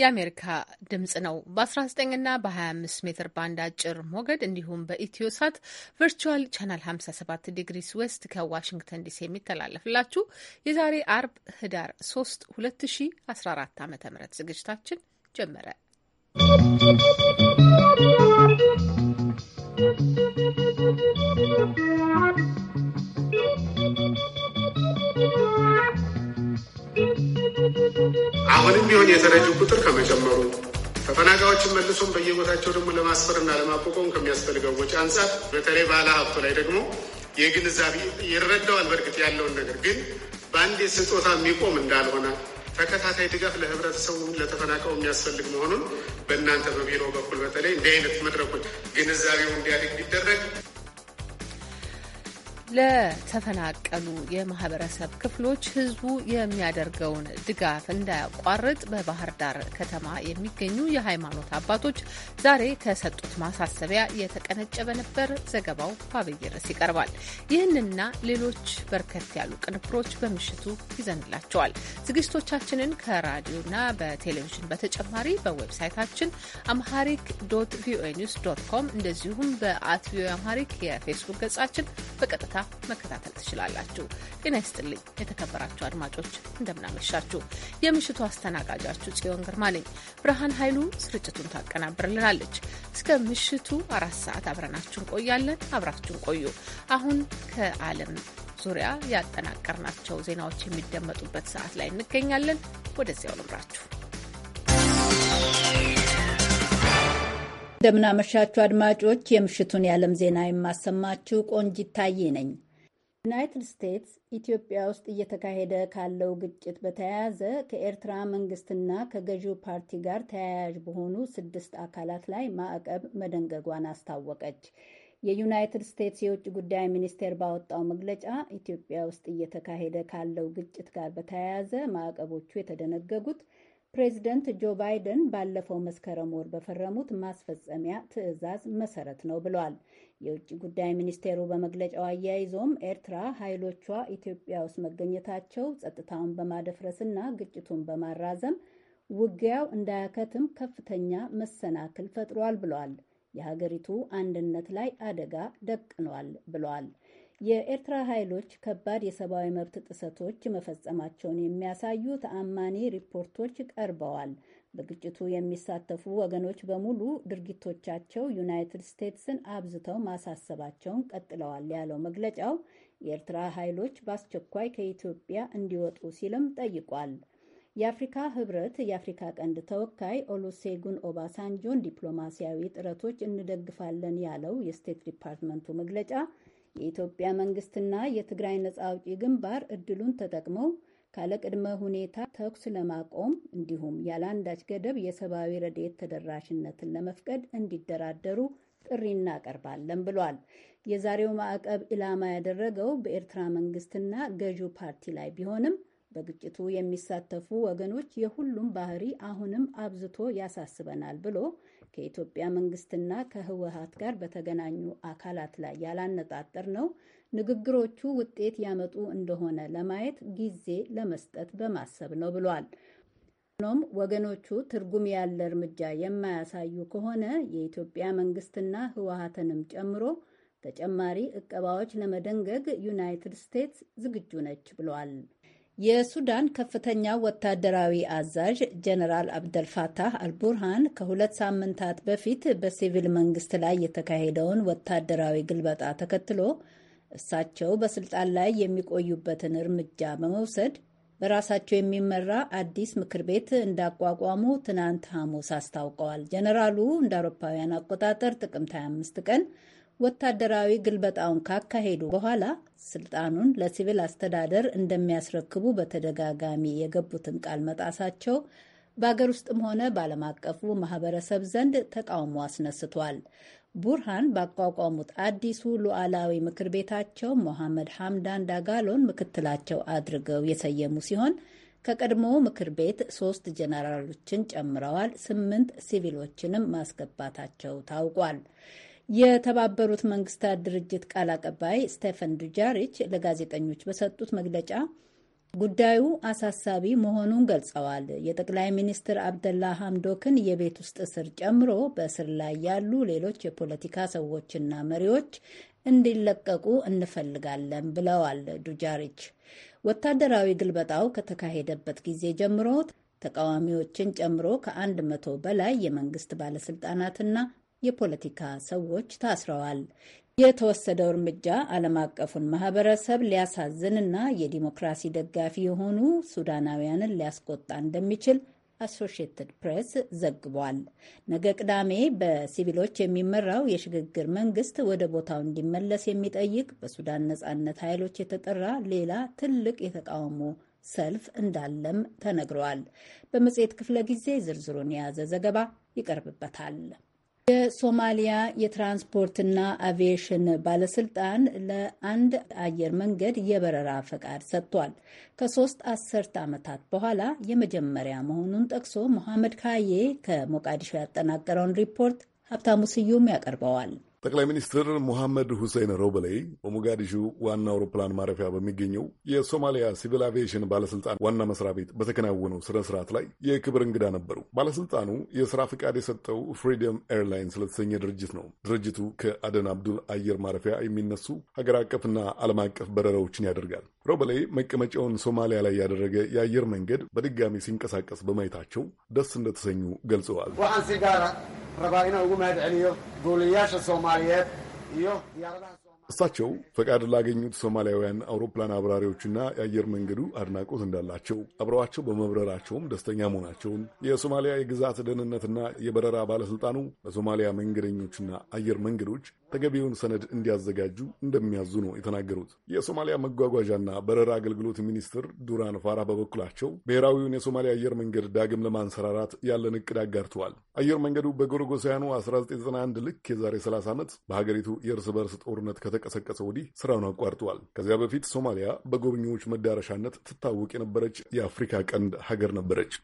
የአሜሪካ ድምጽ ነው። በ19ና በ25 ሜትር ባንድ አጭር ሞገድ እንዲሁም በኢትዮ ሳት ቨርቹዋል ቻናል 57 ዲግሪስ ዌስት ከዋሽንግተን ዲሲ የሚተላለፍላችሁ የዛሬ አርብ ህዳር 3 2014 ዓ ም ዝግጅታችን ጀመረ። ¶¶ አሁንም ቢሆን የተረጂው ቁጥር ከመጨመሩ ተፈናቃዮችን መልሶም በየቦታቸው ደግሞ ለማስፈርና ለማቋቋም ከሚያስፈልገው ወጪ አንጻር በተለይ ባለ ሀብቱ ላይ ደግሞ የግንዛቤ ይረዳዋል። በእርግጥ ያለውን ነገር ግን በአንዴ ስጦታ የሚቆም እንዳልሆነ ተከታታይ ድጋፍ ለህብረተሰቡ ለተፈናቀው የሚያስፈልግ መሆኑን በእናንተ በቢሮ በኩል በተለይ እንዲህ አይነት መድረኮች ግንዛቤው እንዲያድግ ቢደረግ ለተፈናቀሉ የማህበረሰብ ክፍሎች ህዝቡ የሚያደርገውን ድጋፍ እንዳያቋርጥ በባህር ዳር ከተማ የሚገኙ የሃይማኖት አባቶች ዛሬ ከሰጡት ማሳሰቢያ የተቀነጨበ ነበር። ዘገባው በአብይ ርዕስ ይቀርባል። ይህንና ሌሎች በርከት ያሉ ቅንብሮች በምሽቱ ይዘንላቸዋል። ዝግጅቶቻችንን ከራዲዮና በቴሌቪዥን በተጨማሪ በዌብሳይታችን አምሃሪክ ዶት ቪኦኤ ኒውስ ዶት ኮም እንደዚሁም በአት ቪኦኤ አምሃሪክ የፌስቡክ ገጻችን በቀጥታ በቀጥታ መከታተል ትችላላችሁ። ጤና ይስጥልኝ የተከበራችሁ አድማጮች፣ እንደምናመሻችሁ። የምሽቱ አስተናጋጃችሁ ጽዮን ግርማ ነኝ። ብርሃን ኃይሉ ስርጭቱን ታቀናብርልናለች። እስከ ምሽቱ አራት ሰዓት አብረናችሁን ቆያለን። አብራችሁን ቆዩ። አሁን ከዓለም ዙሪያ ያጠናቀርናቸው ዜናዎች የሚደመጡበት ሰዓት ላይ እንገኛለን። ወደዚያው ልምራችሁ። እንደምናመሻችሁ አድማጮች፣ የምሽቱን የዓለም ዜና የማሰማችሁ ቆንጂት ታዬ ነኝ። ዩናይትድ ስቴትስ ኢትዮጵያ ውስጥ እየተካሄደ ካለው ግጭት በተያያዘ ከኤርትራ መንግስትና ከገዢው ፓርቲ ጋር ተያያዥ በሆኑ ስድስት አካላት ላይ ማዕቀብ መደንገጓን አስታወቀች። የዩናይትድ ስቴትስ የውጭ ጉዳይ ሚኒስቴር ባወጣው መግለጫ ኢትዮጵያ ውስጥ እየተካሄደ ካለው ግጭት ጋር በተያያዘ ማዕቀቦቹ የተደነገጉት ፕሬዚደንት ጆ ባይደን ባለፈው መስከረም ወር በፈረሙት ማስፈጸሚያ ትዕዛዝ መሰረት ነው ብሏል። የውጭ ጉዳይ ሚኒስቴሩ በመግለጫው አያይዞም ኤርትራ ኃይሎቿ ኢትዮጵያ ውስጥ መገኘታቸው ጸጥታውን በማደፍረስና ግጭቱን በማራዘም ውጊያው እንዳያከትም ከፍተኛ መሰናክል ፈጥሯል ብሏል። የሀገሪቱ አንድነት ላይ አደጋ ደቅኗል ብሏል። የኤርትራ ኃይሎች ከባድ የሰብአዊ መብት ጥሰቶች መፈጸማቸውን የሚያሳዩ ተአማኒ ሪፖርቶች ቀርበዋል። በግጭቱ የሚሳተፉ ወገኖች በሙሉ ድርጊቶቻቸው ዩናይትድ ስቴትስን አብዝተው ማሳሰባቸውን ቀጥለዋል ያለው መግለጫው የኤርትራ ኃይሎች በአስቸኳይ ከኢትዮጵያ እንዲወጡ ሲልም ጠይቋል። የአፍሪካ ህብረት የአፍሪካ ቀንድ ተወካይ ኦሉሴጉን ኦባሳንጆን ዲፕሎማሲያዊ ጥረቶች እንደግፋለን ያለው የስቴት ዲፓርትመንቱ መግለጫ የኢትዮጵያ መንግስትና የትግራይ ነጻ አውጪ ግንባር እድሉን ተጠቅመው ካለቅድመ ሁኔታ ተኩስ ለማቆም እንዲሁም ያለአንዳች ገደብ የሰብአዊ ረድኤት ተደራሽነትን ለመፍቀድ እንዲደራደሩ ጥሪ እናቀርባለን ብሏል። የዛሬው ማዕቀብ ኢላማ ያደረገው በኤርትራ መንግስትና ገዢው ፓርቲ ላይ ቢሆንም በግጭቱ የሚሳተፉ ወገኖች የሁሉም ባህሪ አሁንም አብዝቶ ያሳስበናል ብሎ ከኢትዮጵያ መንግስትና ከህወሀት ጋር በተገናኙ አካላት ላይ ያላነጣጠር ነው ንግግሮቹ ውጤት ያመጡ እንደሆነ ለማየት ጊዜ ለመስጠት በማሰብ ነው ብሏል። ሆኖም ወገኖቹ ትርጉም ያለ እርምጃ የማያሳዩ ከሆነ የኢትዮጵያ መንግስትና ህወሀትንም ጨምሮ ተጨማሪ እቀባዎች ለመደንገግ ዩናይትድ ስቴትስ ዝግጁ ነች ብሏል። የሱዳን ከፍተኛ ወታደራዊ አዛዥ ጀነራል አብደልፋታህ አልቡርሃን ከሁለት ሳምንታት በፊት በሲቪል መንግስት ላይ የተካሄደውን ወታደራዊ ግልበጣ ተከትሎ እሳቸው በስልጣን ላይ የሚቆዩበትን እርምጃ በመውሰድ በራሳቸው የሚመራ አዲስ ምክር ቤት እንዳቋቋሙ ትናንት ሐሙስ አስታውቀዋል። ጀነራሉ እንደ አውሮፓውያን አቆጣጠር ጥቅምት 25 ቀን ወታደራዊ ግልበጣውን ካካሄዱ በኋላ ስልጣኑን ለሲቪል አስተዳደር እንደሚያስረክቡ በተደጋጋሚ የገቡትን ቃል መጣሳቸው በአገር ውስጥም ሆነ በዓለም አቀፉ ማህበረሰብ ዘንድ ተቃውሞ አስነስቷል። ቡርሃን ባቋቋሙት አዲሱ ሉዓላዊ ምክር ቤታቸው ሞሐመድ ሐምዳን ዳጋሎን ምክትላቸው አድርገው የሰየሙ ሲሆን ከቀድሞ ምክር ቤት ሶስት ጀነራሎችን ጨምረዋል። ስምንት ሲቪሎችንም ማስገባታቸው ታውቋል። የተባበሩት መንግስታት ድርጅት ቃል አቀባይ ስቴፈን ዱጃሪች ለጋዜጠኞች በሰጡት መግለጫ ጉዳዩ አሳሳቢ መሆኑን ገልጸዋል። የጠቅላይ ሚኒስትር አብደላ ሐምዶክን የቤት ውስጥ እስር ጨምሮ በእስር ላይ ያሉ ሌሎች የፖለቲካ ሰዎችና መሪዎች እንዲለቀቁ እንፈልጋለን ብለዋል ዱጃሪች። ወታደራዊ ግልበጣው ከተካሄደበት ጊዜ ጀምሮ ተቃዋሚዎችን ጨምሮ ከአንድ መቶ በላይ የመንግስት ባለስልጣናትና የፖለቲካ ሰዎች ታስረዋል። የተወሰደው እርምጃ ዓለም አቀፉን ማህበረሰብ ሊያሳዝንና የዲሞክራሲ ደጋፊ የሆኑ ሱዳናውያንን ሊያስቆጣ እንደሚችል አሶሽየትድ ፕሬስ ዘግቧል። ነገ ቅዳሜ በሲቪሎች የሚመራው የሽግግር መንግስት ወደ ቦታው እንዲመለስ የሚጠይቅ በሱዳን ነጻነት ኃይሎች የተጠራ ሌላ ትልቅ የተቃውሞ ሰልፍ እንዳለም ተነግረዋል። በመጽሔት ክፍለ ጊዜ ዝርዝሩን የያዘ ዘገባ ይቀርብበታል። የሶማሊያ የትራንስፖርትና አቪዬሽን ባለስልጣን ለአንድ አየር መንገድ የበረራ ፈቃድ ሰጥቷል። ከሶስት አስርት ዓመታት በኋላ የመጀመሪያ መሆኑን ጠቅሶ መሐመድ ካዬ ከሞቃዲሾ ያጠናቀረውን ሪፖርት ሀብታሙ ስዩም ያቀርበዋል። ጠቅላይ ሚኒስትር ሙሐመድ ሁሴን ሮበሌ በሞጋዲሹ ዋና አውሮፕላን ማረፊያ በሚገኘው የሶማሊያ ሲቪል አቪዬሽን ባለስልጣን ዋና መስሪያ ቤት በተከናወነው ስነ ስርዓት ላይ የክብር እንግዳ ነበሩ። ባለስልጣኑ የስራ ፍቃድ የሰጠው ፍሪደም ኤርላይን ስለተሰኘ ድርጅት ነው። ድርጅቱ ከአደን አብዱል አየር ማረፊያ የሚነሱ ሀገር አቀፍና ዓለም አቀፍ በረራዎችን ያደርጋል። ሮበሌ መቀመጫውን ሶማሊያ ላይ ያደረገ የአየር መንገድ በድጋሚ ሲንቀሳቀስ በማየታቸው ደስ እንደተሰኙ ገልጸዋል። እሳቸው ፈቃድ ላገኙት ሶማሊያውያን አውሮፕላን አብራሪዎችና የአየር መንገዱ አድናቆት እንዳላቸው አብረዋቸው በመብረራቸውም ደስተኛ መሆናቸውን የሶማሊያ የግዛት ደህንነትና የበረራ ባለሥልጣኑ በሶማሊያ መንገደኞችና አየር መንገዶች ተገቢውን ሰነድ እንዲያዘጋጁ እንደሚያዙ ነው የተናገሩት። የሶማሊያ መጓጓዣና በረራ አገልግሎት ሚኒስትር ዱራን ፋራ በበኩላቸው ብሔራዊውን የሶማሊያ አየር መንገድ ዳግም ለማንሰራራት ያለን እቅድ አጋርተዋል። አየር መንገዱ በጎረጎሳያኑ 1991 ልክ የዛሬ 30 ዓመት በሀገሪቱ የእርስ በርስ ጦርነት ከተቀሰቀሰ ወዲህ ስራውን አቋርጠዋል። ከዚያ በፊት ሶማሊያ በጎብኚዎች መዳረሻነት ትታወቅ የነበረች የአፍሪካ ቀንድ ሀገር ነበረች።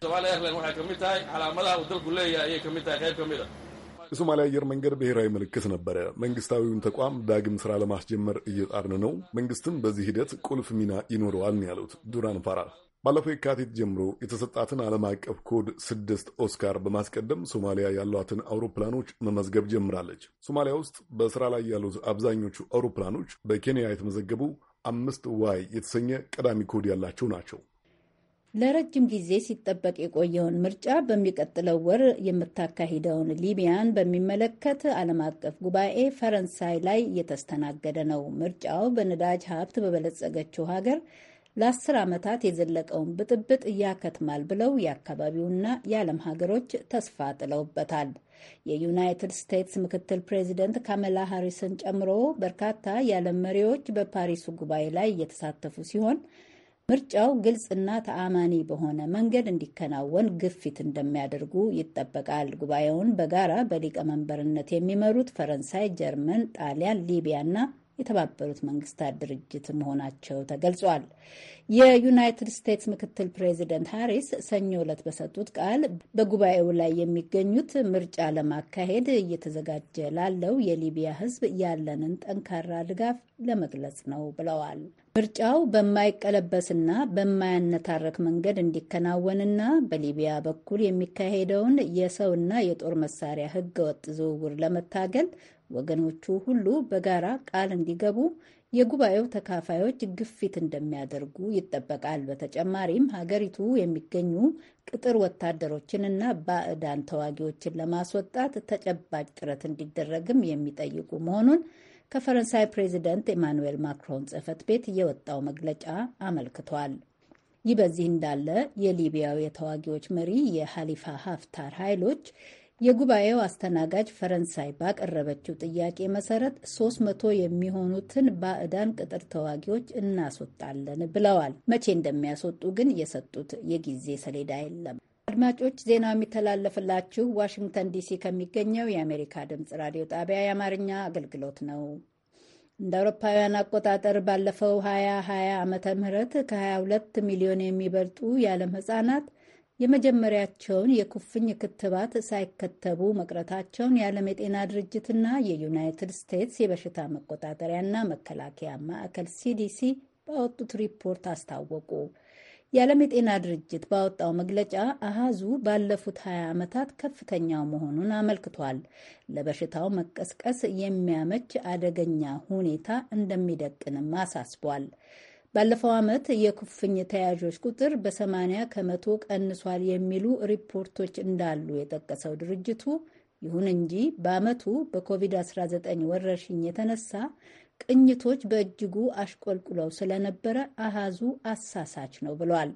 የሶማሊያ አየር መንገድ ብሔራዊ ምልክት ነበረ። መንግስታዊውን ተቋም ዳግም ስራ ለማስጀመር እየጣርን ነው። መንግስትም በዚህ ሂደት ቁልፍ ሚና ይኖረዋል ያሉት ዱራን ፋራ ባለፈው የካቲት ጀምሮ የተሰጣትን ዓለም አቀፍ ኮድ ስድስት ኦስካር በማስቀደም ሶማሊያ ያሏትን አውሮፕላኖች መመዝገብ ጀምራለች። ሶማሊያ ውስጥ በስራ ላይ ያሉት አብዛኞቹ አውሮፕላኖች በኬንያ የተመዘገቡ አምስት ዋይ የተሰኘ ቀዳሚ ኮድ ያላቸው ናቸው። ለረጅም ጊዜ ሲጠበቅ የቆየውን ምርጫ በሚቀጥለው ወር የምታካሂደውን ሊቢያን በሚመለከት ዓለም አቀፍ ጉባኤ ፈረንሳይ ላይ እየተስተናገደ ነው። ምርጫው በነዳጅ ሀብት በበለጸገችው ሀገር ለአስር ዓመታት የዘለቀውን ብጥብጥ ያከትማል ብለው የአካባቢውና የዓለም ሀገሮች ተስፋ ጥለውበታል። የዩናይትድ ስቴትስ ምክትል ፕሬዚደንት ካመላ ሃሪስን ጨምሮ በርካታ የዓለም መሪዎች በፓሪሱ ጉባኤ ላይ እየተሳተፉ ሲሆን ምርጫው ግልጽና ተአማኒ በሆነ መንገድ እንዲከናወን ግፊት እንደሚያደርጉ ይጠበቃል። ጉባኤውን በጋራ በሊቀመንበርነት የሚመሩት ፈረንሳይ፣ ጀርመን፣ ጣሊያን፣ ሊቢያ እና የተባበሩት መንግስታት ድርጅት መሆናቸው ተገልጿል። የዩናይትድ ስቴትስ ምክትል ፕሬዚደንት ሃሪስ ሰኞ ዕለት በሰጡት ቃል በጉባኤው ላይ የሚገኙት ምርጫ ለማካሄድ እየተዘጋጀ ላለው የሊቢያ ሕዝብ ያለንን ጠንካራ ድጋፍ ለመግለጽ ነው ብለዋል። ምርጫው በማይቀለበስና በማያነታረክ መንገድ እንዲከናወንና በሊቢያ በኩል የሚካሄደውን የሰውና የጦር መሳሪያ ህገወጥ ዝውውር ለመታገል ወገኖቹ ሁሉ በጋራ ቃል እንዲገቡ የጉባኤው ተካፋዮች ግፊት እንደሚያደርጉ ይጠበቃል። በተጨማሪም ሀገሪቱ የሚገኙ ቅጥር ወታደሮችንና ባዕዳን ተዋጊዎችን ለማስወጣት ተጨባጭ ጥረት እንዲደረግም የሚጠይቁ መሆኑን ከፈረንሳይ ፕሬዚደንት ኤማኑዌል ማክሮን ጽህፈት ቤት የወጣው መግለጫ አመልክቷል። ይህ በዚህ እንዳለ የሊቢያው የተዋጊዎች መሪ የሐሊፋ ሀፍታር ኃይሎች የጉባኤው አስተናጋጅ ፈረንሳይ ባቀረበችው ጥያቄ መሰረት 300 የሚሆኑትን ባዕዳን ቅጥር ተዋጊዎች እናስወጣለን ብለዋል። መቼ እንደሚያስወጡ ግን የሰጡት የጊዜ ሰሌዳ የለም። አድማጮች ዜናው የሚተላለፍላችሁ ዋሽንግተን ዲሲ ከሚገኘው የአሜሪካ ድምፅ ራዲዮ ጣቢያ የአማርኛ አገልግሎት ነው። እንደ አውሮፓውያን አቆጣጠር ባለፈው 2020 ዓመተ ምህረት ከ22 ሚሊዮን የሚበልጡ የዓለም ህጻናት የመጀመሪያቸውን የኩፍኝ ክትባት ሳይከተቡ መቅረታቸውን የዓለም የጤና ድርጅትና የዩናይትድ ስቴትስ የበሽታ መቆጣጠሪያና መከላከያ ማዕከል ሲዲሲ ባወጡት ሪፖርት አስታወቁ። የዓለም የጤና ድርጅት ባወጣው መግለጫ አሃዙ ባለፉት 20 ዓመታት ከፍተኛው መሆኑን አመልክቷል። ለበሽታው መቀስቀስ የሚያመች አደገኛ ሁኔታ እንደሚደቅንም አሳስቧል። ባለፈው ዓመት የኩፍኝ ተያዦች ቁጥር በ80 ከመቶ ቀንሷል የሚሉ ሪፖርቶች እንዳሉ የጠቀሰው ድርጅቱ ይሁን እንጂ በዓመቱ በኮቪድ-19 ወረርሽኝ የተነሳ ቅኝቶች በእጅጉ አሽቆልቁለው ስለነበረ አሃዙ አሳሳች ነው ብሏል።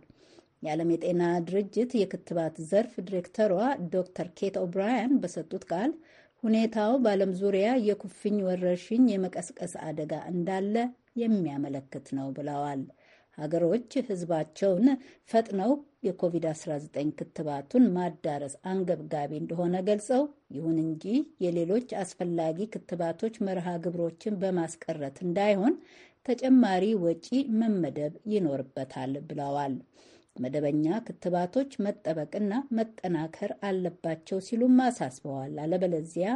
የዓለም የጤና ድርጅት የክትባት ዘርፍ ዲሬክተሯ ዶክተር ኬት ኦብራያን በሰጡት ቃል ሁኔታው በዓለም ዙሪያ የኩፍኝ ወረርሽኝ የመቀስቀስ አደጋ እንዳለ የሚያመለክት ነው ብለዋል። ሀገሮች ህዝባቸውን ፈጥነው የኮቪድ-19 ክትባቱን ማዳረስ አንገብጋቢ እንደሆነ ገልጸው ይሁን እንጂ የሌሎች አስፈላጊ ክትባቶች መርሃ ግብሮችን በማስቀረት እንዳይሆን ተጨማሪ ወጪ መመደብ ይኖርበታል ብለዋል። መደበኛ ክትባቶች መጠበቅና መጠናከር አለባቸው ሲሉም አሳስበዋል። አለበለዚያ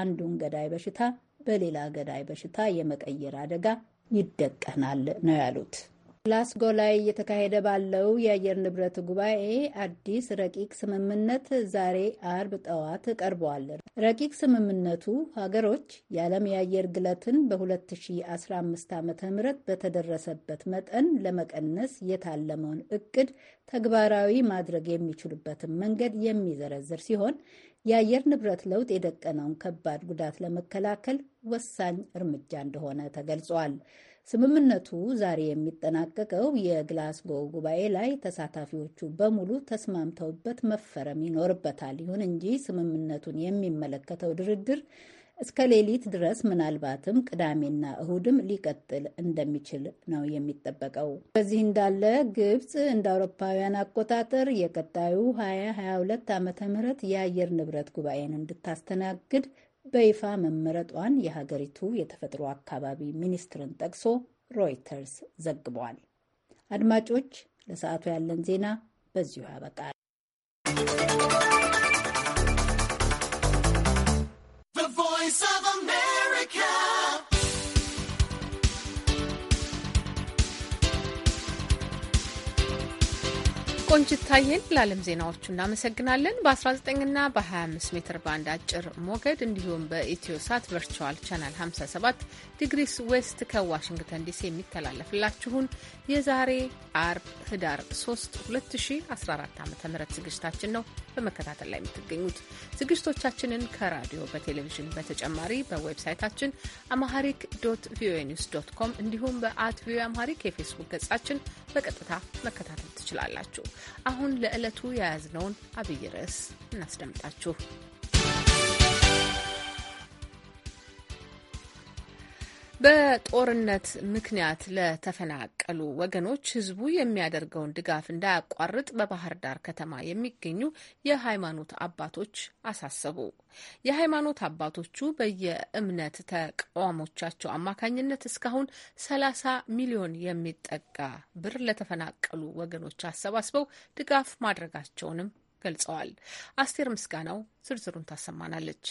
አንዱን ገዳይ በሽታ በሌላ ገዳይ በሽታ የመቀየር አደጋ ይደቀናል ነው ያሉት። ግላስጎ ላይ እየተካሄደ ባለው የአየር ንብረት ጉባኤ አዲስ ረቂቅ ስምምነት ዛሬ አርብ ጠዋት ቀርበዋል። ረቂቅ ስምምነቱ ሀገሮች የዓለም የአየር ግለትን በ2015 ዓ ም በተደረሰበት መጠን ለመቀነስ የታለመውን እቅድ ተግባራዊ ማድረግ የሚችሉበትን መንገድ የሚዘረዝር ሲሆን የአየር ንብረት ለውጥ የደቀነውን ከባድ ጉዳት ለመከላከል ወሳኝ እርምጃ እንደሆነ ተገልጿል። ስምምነቱ ዛሬ የሚጠናቀቀው የግላስጎ ጉባኤ ላይ ተሳታፊዎቹ በሙሉ ተስማምተውበት መፈረም ይኖርበታል። ይሁን እንጂ ስምምነቱን የሚመለከተው ድርድር እስከ ሌሊት ድረስ ምናልባትም ቅዳሜና እሁድም ሊቀጥል እንደሚችል ነው የሚጠበቀው። በዚህ እንዳለ ግብፅ እንደ አውሮፓውያን አቆጣጠር የቀጣዩ 2022 ዓመተ ም የአየር ንብረት ጉባኤን እንድታስተናግድ በይፋ መመረጧን የሀገሪቱ የተፈጥሮ አካባቢ ሚኒስትርን ጠቅሶ ሮይተርስ ዘግቧል። አድማጮች፣ ለሰዓቱ ያለን ዜና በዚሁ ያበቃል። ቆንጅታየን ለዓለም ዜናዎቹ እናመሰግናለን። በ19ና በ25 ሜትር ባንድ አጭር ሞገድ እንዲሁም በኢትዮ ሳት ቨርቹዋል ቻናል 57 ዲግሪስ ዌስት ከዋሽንግተን ዲሲ የሚተላለፍላችሁን የዛሬ አርብ ህዳር 3 2014 ዓ ም ዝግጅታችን ነው በመከታተል ላይ የምትገኙት። ዝግጅቶቻችንን ከራዲዮ በቴሌቪዥን በተጨማሪ በዌብሳይታችን አማሃሪክ ዶት ቪኦኤ ኒውስ ዶት ኮም እንዲሁም በአት ቪኦኤ አማሃሪክ የፌስቡክ ገጻችን በቀጥታ መከታተል ትችላላችሁ። አሁን ለዕለቱ የያዝነውን አብይ ርዕስ እናስደምጣችሁ። በጦርነት ምክንያት ለተፈናቀሉ ወገኖች ህዝቡ የሚያደርገውን ድጋፍ እንዳያቋርጥ በባህር ዳር ከተማ የሚገኙ የሃይማኖት አባቶች አሳሰቡ። የሃይማኖት አባቶቹ በየእምነት ተቋሞቻቸው አማካኝነት እስካሁን 30 ሚሊዮን የሚጠጋ ብር ለተፈናቀሉ ወገኖች አሰባስበው ድጋፍ ማድረጋቸውንም ገልጸዋል። አስቴር ምስጋናው ዝርዝሩን ታሰማናለች።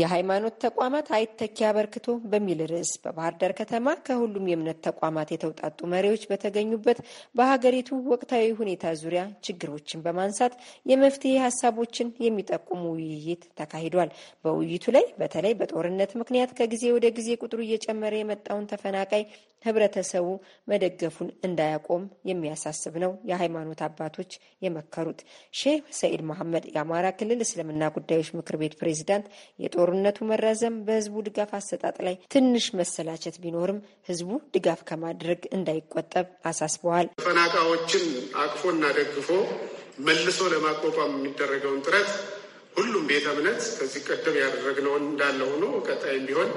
የሃይማኖት ተቋማት አይተኪ አበርክቶ በሚል ርዕስ በባህር ዳር ከተማ ከሁሉም የእምነት ተቋማት የተውጣጡ መሪዎች በተገኙበት በሀገሪቱ ወቅታዊ ሁኔታ ዙሪያ ችግሮችን በማንሳት የመፍትሄ ሀሳቦችን የሚጠቁሙ ውይይት ተካሂዷል። በውይይቱ ላይ በተለይ በጦርነት ምክንያት ከጊዜ ወደ ጊዜ ቁጥሩ እየጨመረ የመጣውን ተፈናቃይ ህብረተሰቡ መደገፉን እንዳያቆም የሚያሳስብ ነው የሃይማኖት አባቶች የመከሩት። ሼህ ሰኢድ መሐመድ የአማራ ክልል እስልምና ጉዳዮች ምክር ቤት ፕሬዚዳንት የጦር የጦርነቱ መራዘም በህዝቡ ድጋፍ አሰጣጥ ላይ ትንሽ መሰላቸት ቢኖርም ህዝቡ ድጋፍ ከማድረግ እንዳይቆጠብ አሳስበዋል። ፈናቃዎችን አቅፎና ደግፎ መልሶ ለማቋቋም የሚደረገውን ጥረት ሁሉም ቤተ እምነት ከዚህ ቀደም ያደረግነውን እንዳለ ሆኖ ቀጣይም ቢሆን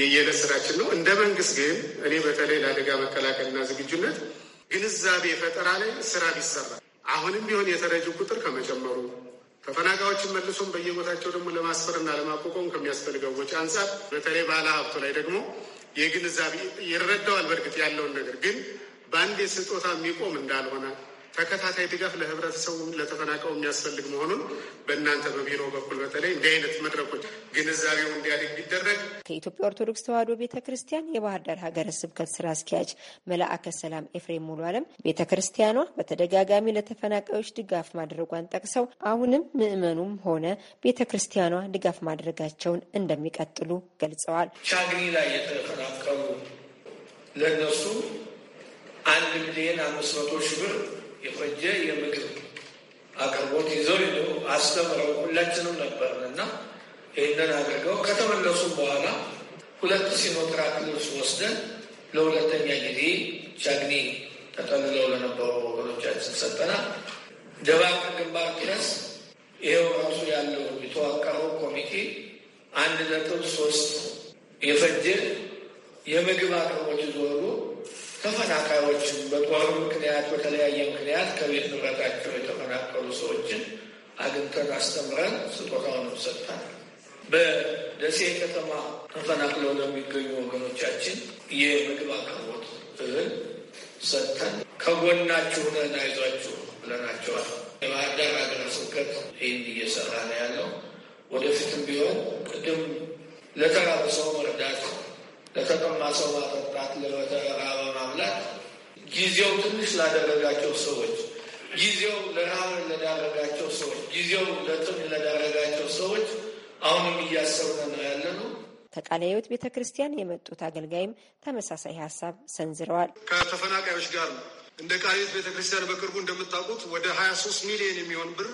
የየዕለት ስራችን ነው። እንደ መንግስት ግን እኔ በተለይ ለአደጋ መከላከልና ዝግጁነት ግንዛቤ ፈጠራ ላይ ስራ ቢሰራ አሁንም ቢሆን የተረጂ ቁጥር ከመጨመሩ ተፈናቃዮችን መልሶም በየቦታቸው ደግሞ ለማስፈርና ለማቋቋም ከሚያስፈልገው ወጪ አንጻር በተለይ ባለ ሀብቱ ላይ ደግሞ የግንዛቤ ይረዳዋል። በእርግጥ ያለውን ነገር ግን በአንድ የስጦታ የሚቆም እንዳልሆነ ተከታታይ ድጋፍ ለህብረተሰቡ ለተፈናቀው የሚያስፈልግ መሆኑን በእናንተ በቢሮ በኩል በተለይ እንዲህ አይነት መድረኮች ግንዛቤው እንዲያድግ ቢደረግ። ከኢትዮጵያ ኦርቶዶክስ ተዋሕዶ ቤተ ክርስቲያን የባህር ዳር ሀገረ ስብከት ስራ አስኪያጅ መልአከ ሰላም ኤፍሬም ሙሉ አለም ቤተ ክርስቲያኗ በተደጋጋሚ ለተፈናቃዮች ድጋፍ ማድረጓን ጠቅሰው አሁንም ምዕመኑም ሆነ ቤተ ክርስቲያኗ ድጋፍ ማድረጋቸውን እንደሚቀጥሉ ገልጸዋል። ቻግኒ ላይ የተፈናቀሉ ለእነሱ አንድ ሚሊዮን አምስት መቶ ሺህ ብር የፈጀ የምግብ አቅርቦት ይዘው አስተምረው ሁላችንም ነበርን እና ይህንን አድርገው ከተመለሱ በኋላ ሁለት ሲኖትራክ ልብስ ወስደን ለሁለተኛ ጊዜ ቻግኒ ተጠልለው ለነበሩ ወገኖቻችን ሰጠና ደባቅ ግንባር ድረስ ይሄው ራሱ ያለው የተዋቀረው ኮሚቴ አንድ ነጥብ ሶስት የፈጀ የምግብ አቅርቦት ይዞ ተፈናቃዮችን በጦር ምክንያት በተለያየ ምክንያት ከቤት ንብረታቸው የተፈናቀሉ ሰዎችን አግኝተን አስተምረን ስጦታውንም ሰጥተናል። በደሴ ከተማ ተፈናቅለው ለሚገኙ ወገኖቻችን የምግብ አቅርቦት እህል ሰጥተን ከጎናችሁ ነን አይዟችሁ ብለናቸዋል። የባህር ዳር ሀገረ ስብከት ይህን እየሰራ ነው ያለው። ወደፊትም ቢሆን ቅድም ለተራበ ሰው መርዳት ለተጠማ ሰው ማጠጣት፣ ለተራበ ማብላት ጊዜው ትንሽ ላደረጋቸው ሰዎች ጊዜው ለረሃብ ለዳረጋቸው ሰዎች ጊዜው ለጥም ለዳረጋቸው ሰዎች አሁንም እያሰብን ነው ያለ ነው። ከቃለ ሕይወት ቤተ ክርስቲያን የመጡት አገልጋይም ተመሳሳይ ሀሳብ ሰንዝረዋል። ከተፈናቃዮች ጋር ነው። እንደ ቃለ ሕይወት ቤተ ክርስቲያን በቅርቡ እንደምታውቁት ወደ 23 ሚሊዮን የሚሆን ብር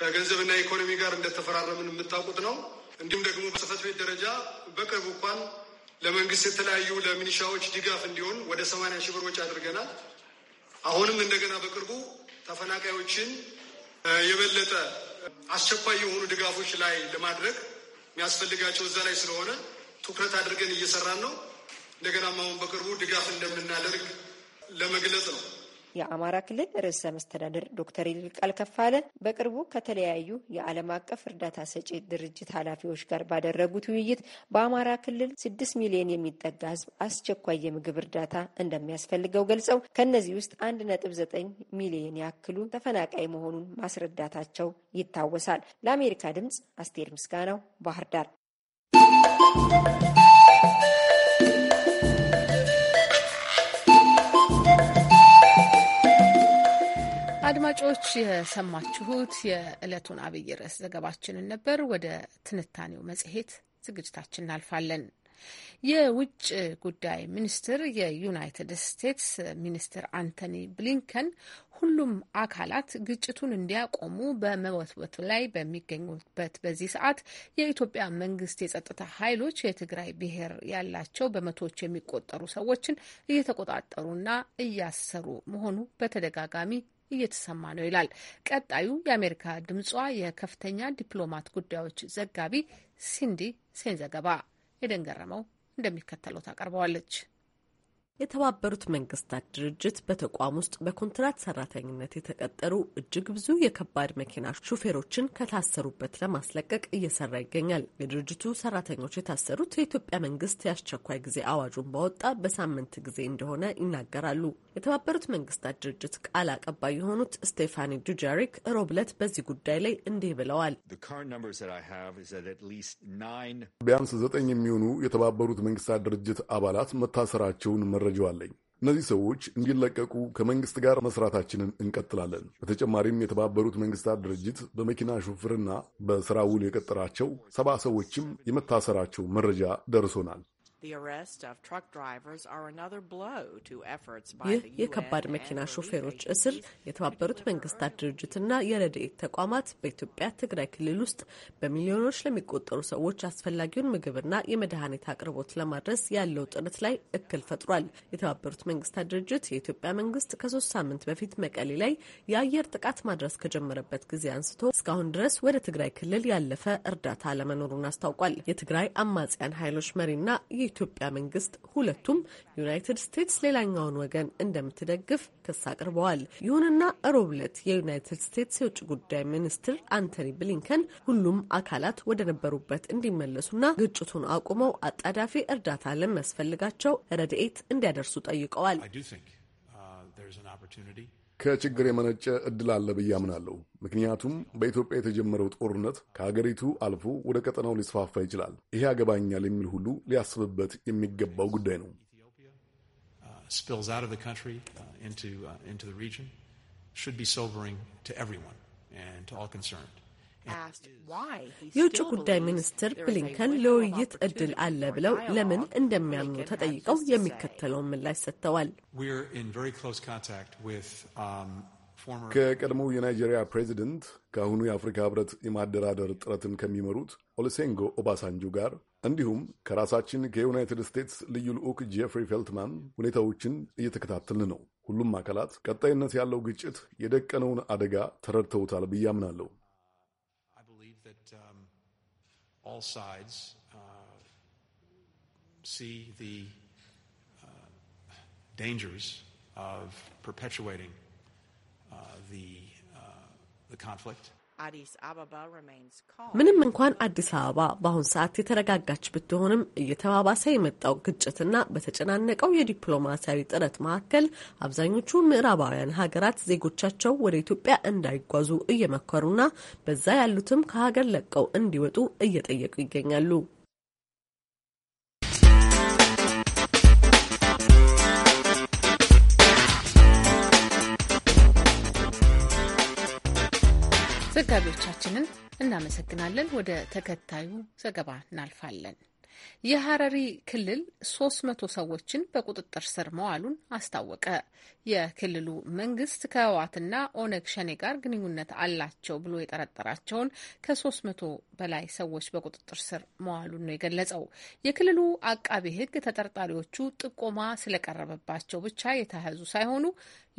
ከገንዘብና ኢኮኖሚ ጋር እንደተፈራረምን የምታውቁት ነው። እንዲሁም ደግሞ በጽፈት ቤት ደረጃ በቅርቡ እንኳን ለመንግስት የተለያዩ ለሚኒሻዎች ድጋፍ እንዲሆን ወደ ሰማንያ ሺህ ብር አድርገናል። አሁንም እንደገና በቅርቡ ተፈናቃዮችን የበለጠ አስቸኳይ የሆኑ ድጋፎች ላይ ለማድረግ የሚያስፈልጋቸው እዛ ላይ ስለሆነ ትኩረት አድርገን እየሰራን ነው። እንደገናም አሁን በቅርቡ ድጋፍ እንደምናደርግ ለመግለጽ ነው። የአማራ ክልል ርዕሰ መስተዳደር ዶክተር ይልቃል ከፋለ በቅርቡ ከተለያዩ የዓለም አቀፍ እርዳታ ሰጪ ድርጅት ኃላፊዎች ጋር ባደረጉት ውይይት በአማራ ክልል ስድስት ሚሊዮን የሚጠጋ ሕዝብ አስቸኳይ የምግብ እርዳታ እንደሚያስፈልገው ገልጸው ከእነዚህ ውስጥ አንድ ነጥብ ዘጠኝ ሚሊዮን ያክሉ ተፈናቃይ መሆኑን ማስረዳታቸው ይታወሳል። ለአሜሪካ ድምጽ አስቴር ምስጋናው ባህር ዳር አድማጮች የሰማችሁት የዕለቱን አብይ ርዕስ ዘገባችንን ነበር። ወደ ትንታኔው መጽሔት ዝግጅታችን እናልፋለን። የውጭ ጉዳይ ሚኒስትር የዩናይትድ ስቴትስ ሚኒስትር አንቶኒ ብሊንከን ሁሉም አካላት ግጭቱን እንዲያቆሙ በመወትወት ላይ በሚገኙበት በዚህ ሰዓት የኢትዮጵያ መንግስት የጸጥታ ኃይሎች የትግራይ ብሔር ያላቸው በመቶዎች የሚቆጠሩ ሰዎችን እየተቆጣጠሩና እያሰሩ መሆኑ በተደጋጋሚ እየተሰማ ነው ይላል ቀጣዩ የአሜሪካ ድምጿ የከፍተኛ ዲፕሎማት ጉዳዮች ዘጋቢ ሲንዲ ሴን ዘገባ። የደንገረመው እንደሚከተለው ታቀርበዋለች። የተባበሩት መንግስታት ድርጅት በተቋም ውስጥ በኮንትራት ሰራተኝነት የተቀጠሩ እጅግ ብዙ የከባድ መኪና ሹፌሮችን ከታሰሩበት ለማስለቀቅ እየሰራ ይገኛል። የድርጅቱ ሰራተኞች የታሰሩት የኢትዮጵያ መንግስት የአስቸኳይ ጊዜ አዋጁን ባወጣ በሳምንት ጊዜ እንደሆነ ይናገራሉ። የተባበሩት መንግስታት ድርጅት ቃል አቀባይ የሆኑት ስቴፋኒ ዱጃሪክ ሮብ ዕለት በዚህ ጉዳይ ላይ እንዲህ ብለዋል። ቢያንስ ዘጠኝ የሚሆኑ የተባበሩት መንግስታት ድርጅት አባላት መታሰራቸውን መረ መረጃዋለኝ። እነዚህ ሰዎች እንዲለቀቁ ከመንግስት ጋር መስራታችንን እንቀጥላለን። በተጨማሪም የተባበሩት መንግስታት ድርጅት በመኪና ሹፍርና በስራ ውል የቀጠራቸው ሰባ ሰዎችም የመታሰራቸው መረጃ ደርሶናል። ይህ የከባድ መኪና ሾፌሮች እስር የተባበሩት መንግስታት ድርጅትና የረድኤት ተቋማት በኢትዮጵያ ትግራይ ክልል ውስጥ በሚሊዮኖች ለሚቆጠሩ ሰዎች አስፈላጊውን ምግብና የመድኃኒት አቅርቦት ለማድረስ ያለው ጥረት ላይ እክል ፈጥሯል። የተባበሩት መንግስታት ድርጅት የኢትዮጵያ መንግስት ከሶስት ሳምንት በፊት መቀሌ ላይ የአየር ጥቃት ማድረስ ከጀመረበት ጊዜ አንስቶ እስካሁን ድረስ ወደ ትግራይ ክልል ያለፈ እርዳታ አለመኖሩን አስታውቋል። የትግራይ አማጽያን ኃይሎች መሪና የኢትዮጵያ መንግስት ሁለቱም ዩናይትድ ስቴትስ ሌላኛውን ወገን እንደምትደግፍ ክስ አቅርበዋል። ይሁንና እሮብ ዕለት የዩናይትድ ስቴትስ የውጭ ጉዳይ ሚኒስትር አንቶኒ ብሊንከን ሁሉም አካላት ወደ ነበሩበት እንዲመለሱና ግጭቱን አቁመው አጣዳፊ እርዳታ ለሚያስፈልጋቸው ረድኤት እንዲያደርሱ ጠይቀዋል። ከችግር የመነጨ እድል አለ ብዬ አምናለሁ። ምክንያቱም በኢትዮጵያ የተጀመረው ጦርነት ከሀገሪቱ አልፎ ወደ ቀጠናው ሊስፋፋ ይችላል። ይሄ ያገባኛል የሚል ሁሉ ሊያስብበት የሚገባው ጉዳይ ነው። uh, uh, should be sobering to everyone and to all concerned. የውጭ ጉዳይ ሚኒስትር ብሊንከን ለውይይት እድል አለ ብለው ለምን እንደሚያምኑ ተጠይቀው የሚከተለውን ምላሽ ሰጥተዋል። ከቀድሞው የናይጄሪያ ፕሬዚደንት ከአሁኑ የአፍሪካ ህብረት የማደራደር ጥረትን ከሚመሩት ኦሉሴጉን ኦባሳንጆ ጋር እንዲሁም ከራሳችን ከዩናይትድ ስቴትስ ልዩ ልዑክ ጄፍሪ ፌልትማን ሁኔታዎችን እየተከታተልን ነው። ሁሉም አካላት ቀጣይነት ያለው ግጭት የደቀነውን አደጋ ተረድተውታል ብዬ አምናለሁ። all sides uh, see the uh, dangers of perpetuating uh, the, the conflict ምንም እንኳን አዲስ አበባ በአሁን ሰዓት የተረጋጋች ብትሆንም እየተባባሰ የመጣው ግጭትና በተጨናነቀው የዲፕሎማሲያዊ ጥረት መካከል አብዛኞቹ ምዕራባውያን ሀገራት ዜጎቻቸው ወደ ኢትዮጵያ እንዳይጓዙ እየመከሩና በዛ ያሉትም ከሀገር ለቀው እንዲወጡ እየጠየቁ ይገኛሉ። ዘጋቢዎቻችንን እናመሰግናለን። ወደ ተከታዩ ዘገባ እናልፋለን። የሐረሪ ክልል 300 ሰዎችን በቁጥጥር ስር መዋሉን አስታወቀ። የክልሉ መንግስት ከህወሓትና ኦነግ ሸኔ ጋር ግንኙነት አላቸው ብሎ የጠረጠራቸውን ከ300 በላይ ሰዎች በቁጥጥር ስር መዋሉን ነው የገለጸው። የክልሉ አቃቤ ህግ ተጠርጣሪዎቹ ጥቆማ ስለቀረበባቸው ብቻ የተያዙ ሳይሆኑ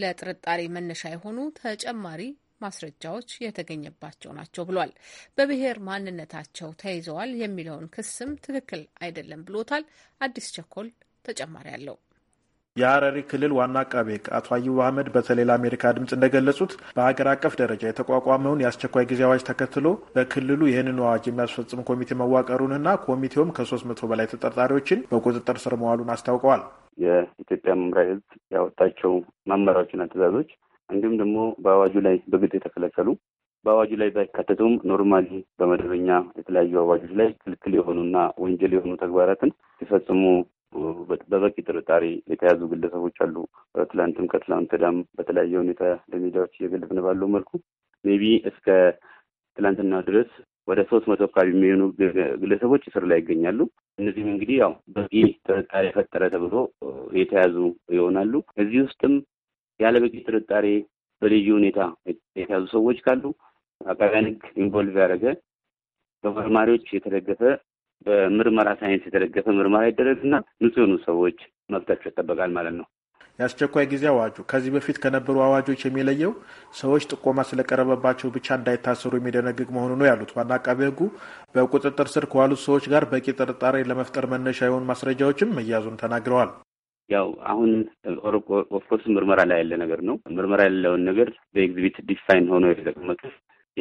ለጥርጣሬ መነሻ የሆኑ ተጨማሪ ማስረጃዎች የተገኘባቸው ናቸው ብሏል። በብሔር ማንነታቸው ተይዘዋል የሚለውን ክስም ትክክል አይደለም ብሎታል። አዲስ ቸኮል ተጨማሪ አለው። የሀረሪ ክልል ዋና አቃቤ ሕግ አቶ አዩብ አህመድ በተለይ ለአሜሪካ ድምፅ እንደገለጹት በሀገር አቀፍ ደረጃ የተቋቋመውን የአስቸኳይ ጊዜ አዋጅ ተከትሎ በክልሉ ይህንን አዋጅ የሚያስፈጽም ኮሚቴ መዋቀሩንና ኮሚቴውም ከሶስት መቶ በላይ ተጠርጣሪዎችን በቁጥጥር ስር መዋሉን አስታውቀዋል። የኢትዮጵያ መምሪያ ሕዝብ ያወጣቸው መመሪያዎችና ትእዛዞች እንዲሁም ደግሞ በአዋጁ ላይ በግድ የተከለከሉ በአዋጁ ላይ ባይካተቱም ኖርማሊ በመደበኛ የተለያዩ አዋጆች ላይ ክልክል የሆኑና ወንጀል የሆኑ ተግባራትን ሲፈጽሙ በበቂ ጥርጣሬ የተያዙ ግለሰቦች አሉ። ትላንትም ከትላንት ወዲያም በተለያየ ሁኔታ ለሚዲያዎች እየገለጽን ባለው መልኩ ሜቢ እስከ ትላንትና ድረስ ወደ ሶስት መቶ አካባቢ የሚሆኑ ግለሰቦች እስር ላይ ይገኛሉ። እነዚህም እንግዲህ ያው በቂ ጥርጣሬ ፈጠረ ተብሎ የተያዙ ይሆናሉ። እዚህ ውስጥም ያለበቂ ጥርጣሬ በልዩ ሁኔታ የተያዙ ሰዎች ካሉ አቃቢያን ኢንቮልቭ ያደረገ በመርማሪዎች የተደገፈ በምርመራ ሳይንስ የተደገፈ ምርመራ ይደረግና ንጹህ ሰዎች መብታቸው ይጠበቃል ማለት ነው። የአስቸኳይ ጊዜ አዋጁ ከዚህ በፊት ከነበሩ አዋጆች የሚለየው ሰዎች ጥቆማ ስለቀረበባቸው ብቻ እንዳይታሰሩ የሚደነግግ መሆኑ ነው ያሉት ዋና አቃቤ ህጉ፣ በቁጥጥር ስር ከዋሉት ሰዎች ጋር በቂ ጥርጣሬ ለመፍጠር መነሻ የሆኑ ማስረጃዎችም መያዙን ተናግረዋል። ያው አሁን ኦፍኮርስ ምርመራ ላይ ያለ ነገር ነው። ምርመራ ያለውን ነገር በኤግዚቢት ዲፋይን ሆኖ የተቀመጡ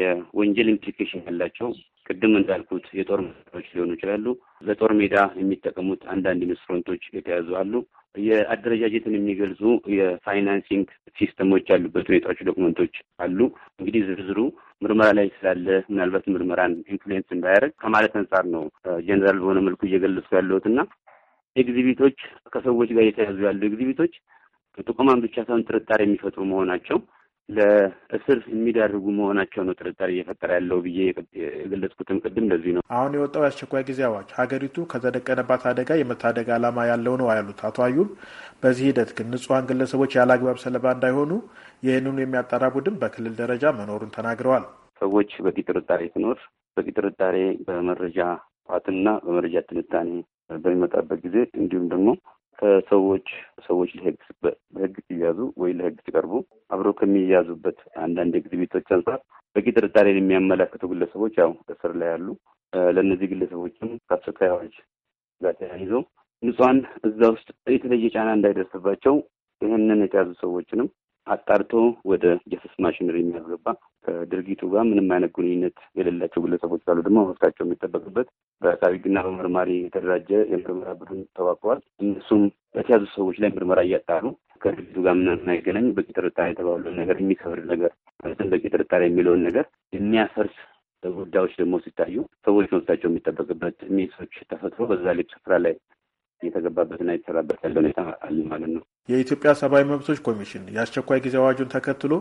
የወንጀል ኢምፕሊኬሽን ያላቸው ቅድም እንዳልኩት የጦር መሳሪያዎች ሊሆኑ ይችላሉ። በጦር ሜዳ የሚጠቀሙት አንዳንድ ኢንስትሩመንቶች የተያዙ አሉ። የአደረጃጀትን የሚገልጹ የፋይናንሲንግ ሲስተሞች ያሉበት ሁኔታዎች ዶክመንቶች አሉ። እንግዲህ ዝርዝሩ ምርመራ ላይ ስላለ ምናልባት ምርመራን ኢንፍሉዌንስ እንዳያደርግ ከማለት አንጻር ነው ጀነራል በሆነ መልኩ እየገለጽኩ ያለሁት እና ኤግዚቢቶች ከሰዎች ጋር የተያዙ ያሉ ኤግዚቢቶች ጥቆማን ብቻ ሳይሆን ጥርጣሬ የሚፈጥሩ መሆናቸው ለእስር የሚዳርጉ መሆናቸው ነው ጥርጣሬ እየፈጠረ ያለው ብዬ የገለጽኩትም ቅድም ለዚህ ነው። አሁን የወጣው የአስቸኳይ ጊዜ አዋጅ ሀገሪቱ ከተደቀነባት አደጋ የመታደግ ዓላማ ያለው ነው ያሉት አቶ አዩብ፣ በዚህ ሂደት ግን ንጹሐን ግለሰቦች ያለ አግባብ ሰለባ እንዳይሆኑ ይህንኑ የሚያጣራ ቡድን በክልል ደረጃ መኖሩን ተናግረዋል። ሰዎች በቂ ጥርጣሬ ሲኖር በቂ ጥርጣሬ በመረጃ ጥፋትና በመረጃ ትንታኔ በሚመጣበት ጊዜ እንዲሁም ደግሞ ከሰዎች ሰዎች ለህግ ሲያዙ ወይ ለህግ ሲቀርቡ አብሮ ከሚያዙበት አንዳንድ ኤግዚቢቶች አንጻር በቂ ጥርጣሬን የሚያመላክቱ ግለሰቦች ያው እስር ላይ ያሉ፣ ለእነዚህ ግለሰቦችም ከአስቸኳይ አዋጅ ጋር ተያይዞ ንጹሐን እዛ ውስጥ የተለየ ጫና እንዳይደርስባቸው ይህንን የተያዙ ሰዎችንም አጣርቶ ወደ ጀስቲስ ማሽነሪ የሚያስገባ ከድርጊቱ ጋር ምንም አይነት ግንኙነት የሌላቸው ግለሰቦች ካሉ ደግሞ መብታቸው የሚጠበቅበት በአቃቤ ሕግና በመርማሪ የተደራጀ የምርመራ ቡድን ተዋቅሯል። እነሱም በተያዙ ሰዎች ላይ ምርመራ እያጣሩ ከድርጊቱ ጋር ምን አይገናኝ በቂ ጥርጣሬ የተባሉ ነገር የሚከብር ነገር ማለትም በቂ ጥርጣሬ የሚለውን ነገር የሚያፈርስ ጉዳዮች ደግሞ ሲታዩ ሰዎች መብታቸው የሚጠበቅበት ሚሶች ተፈጥሮ በዛ ልክ ስፍራ ላይ እየተገባበትና የተሰራበት ያለ ሁኔታ አለ ማለት ነው። የኢትዮጵያ ሰብአዊ መብቶች ኮሚሽን የአስቸኳይ ጊዜ አዋጁን ተከትሎ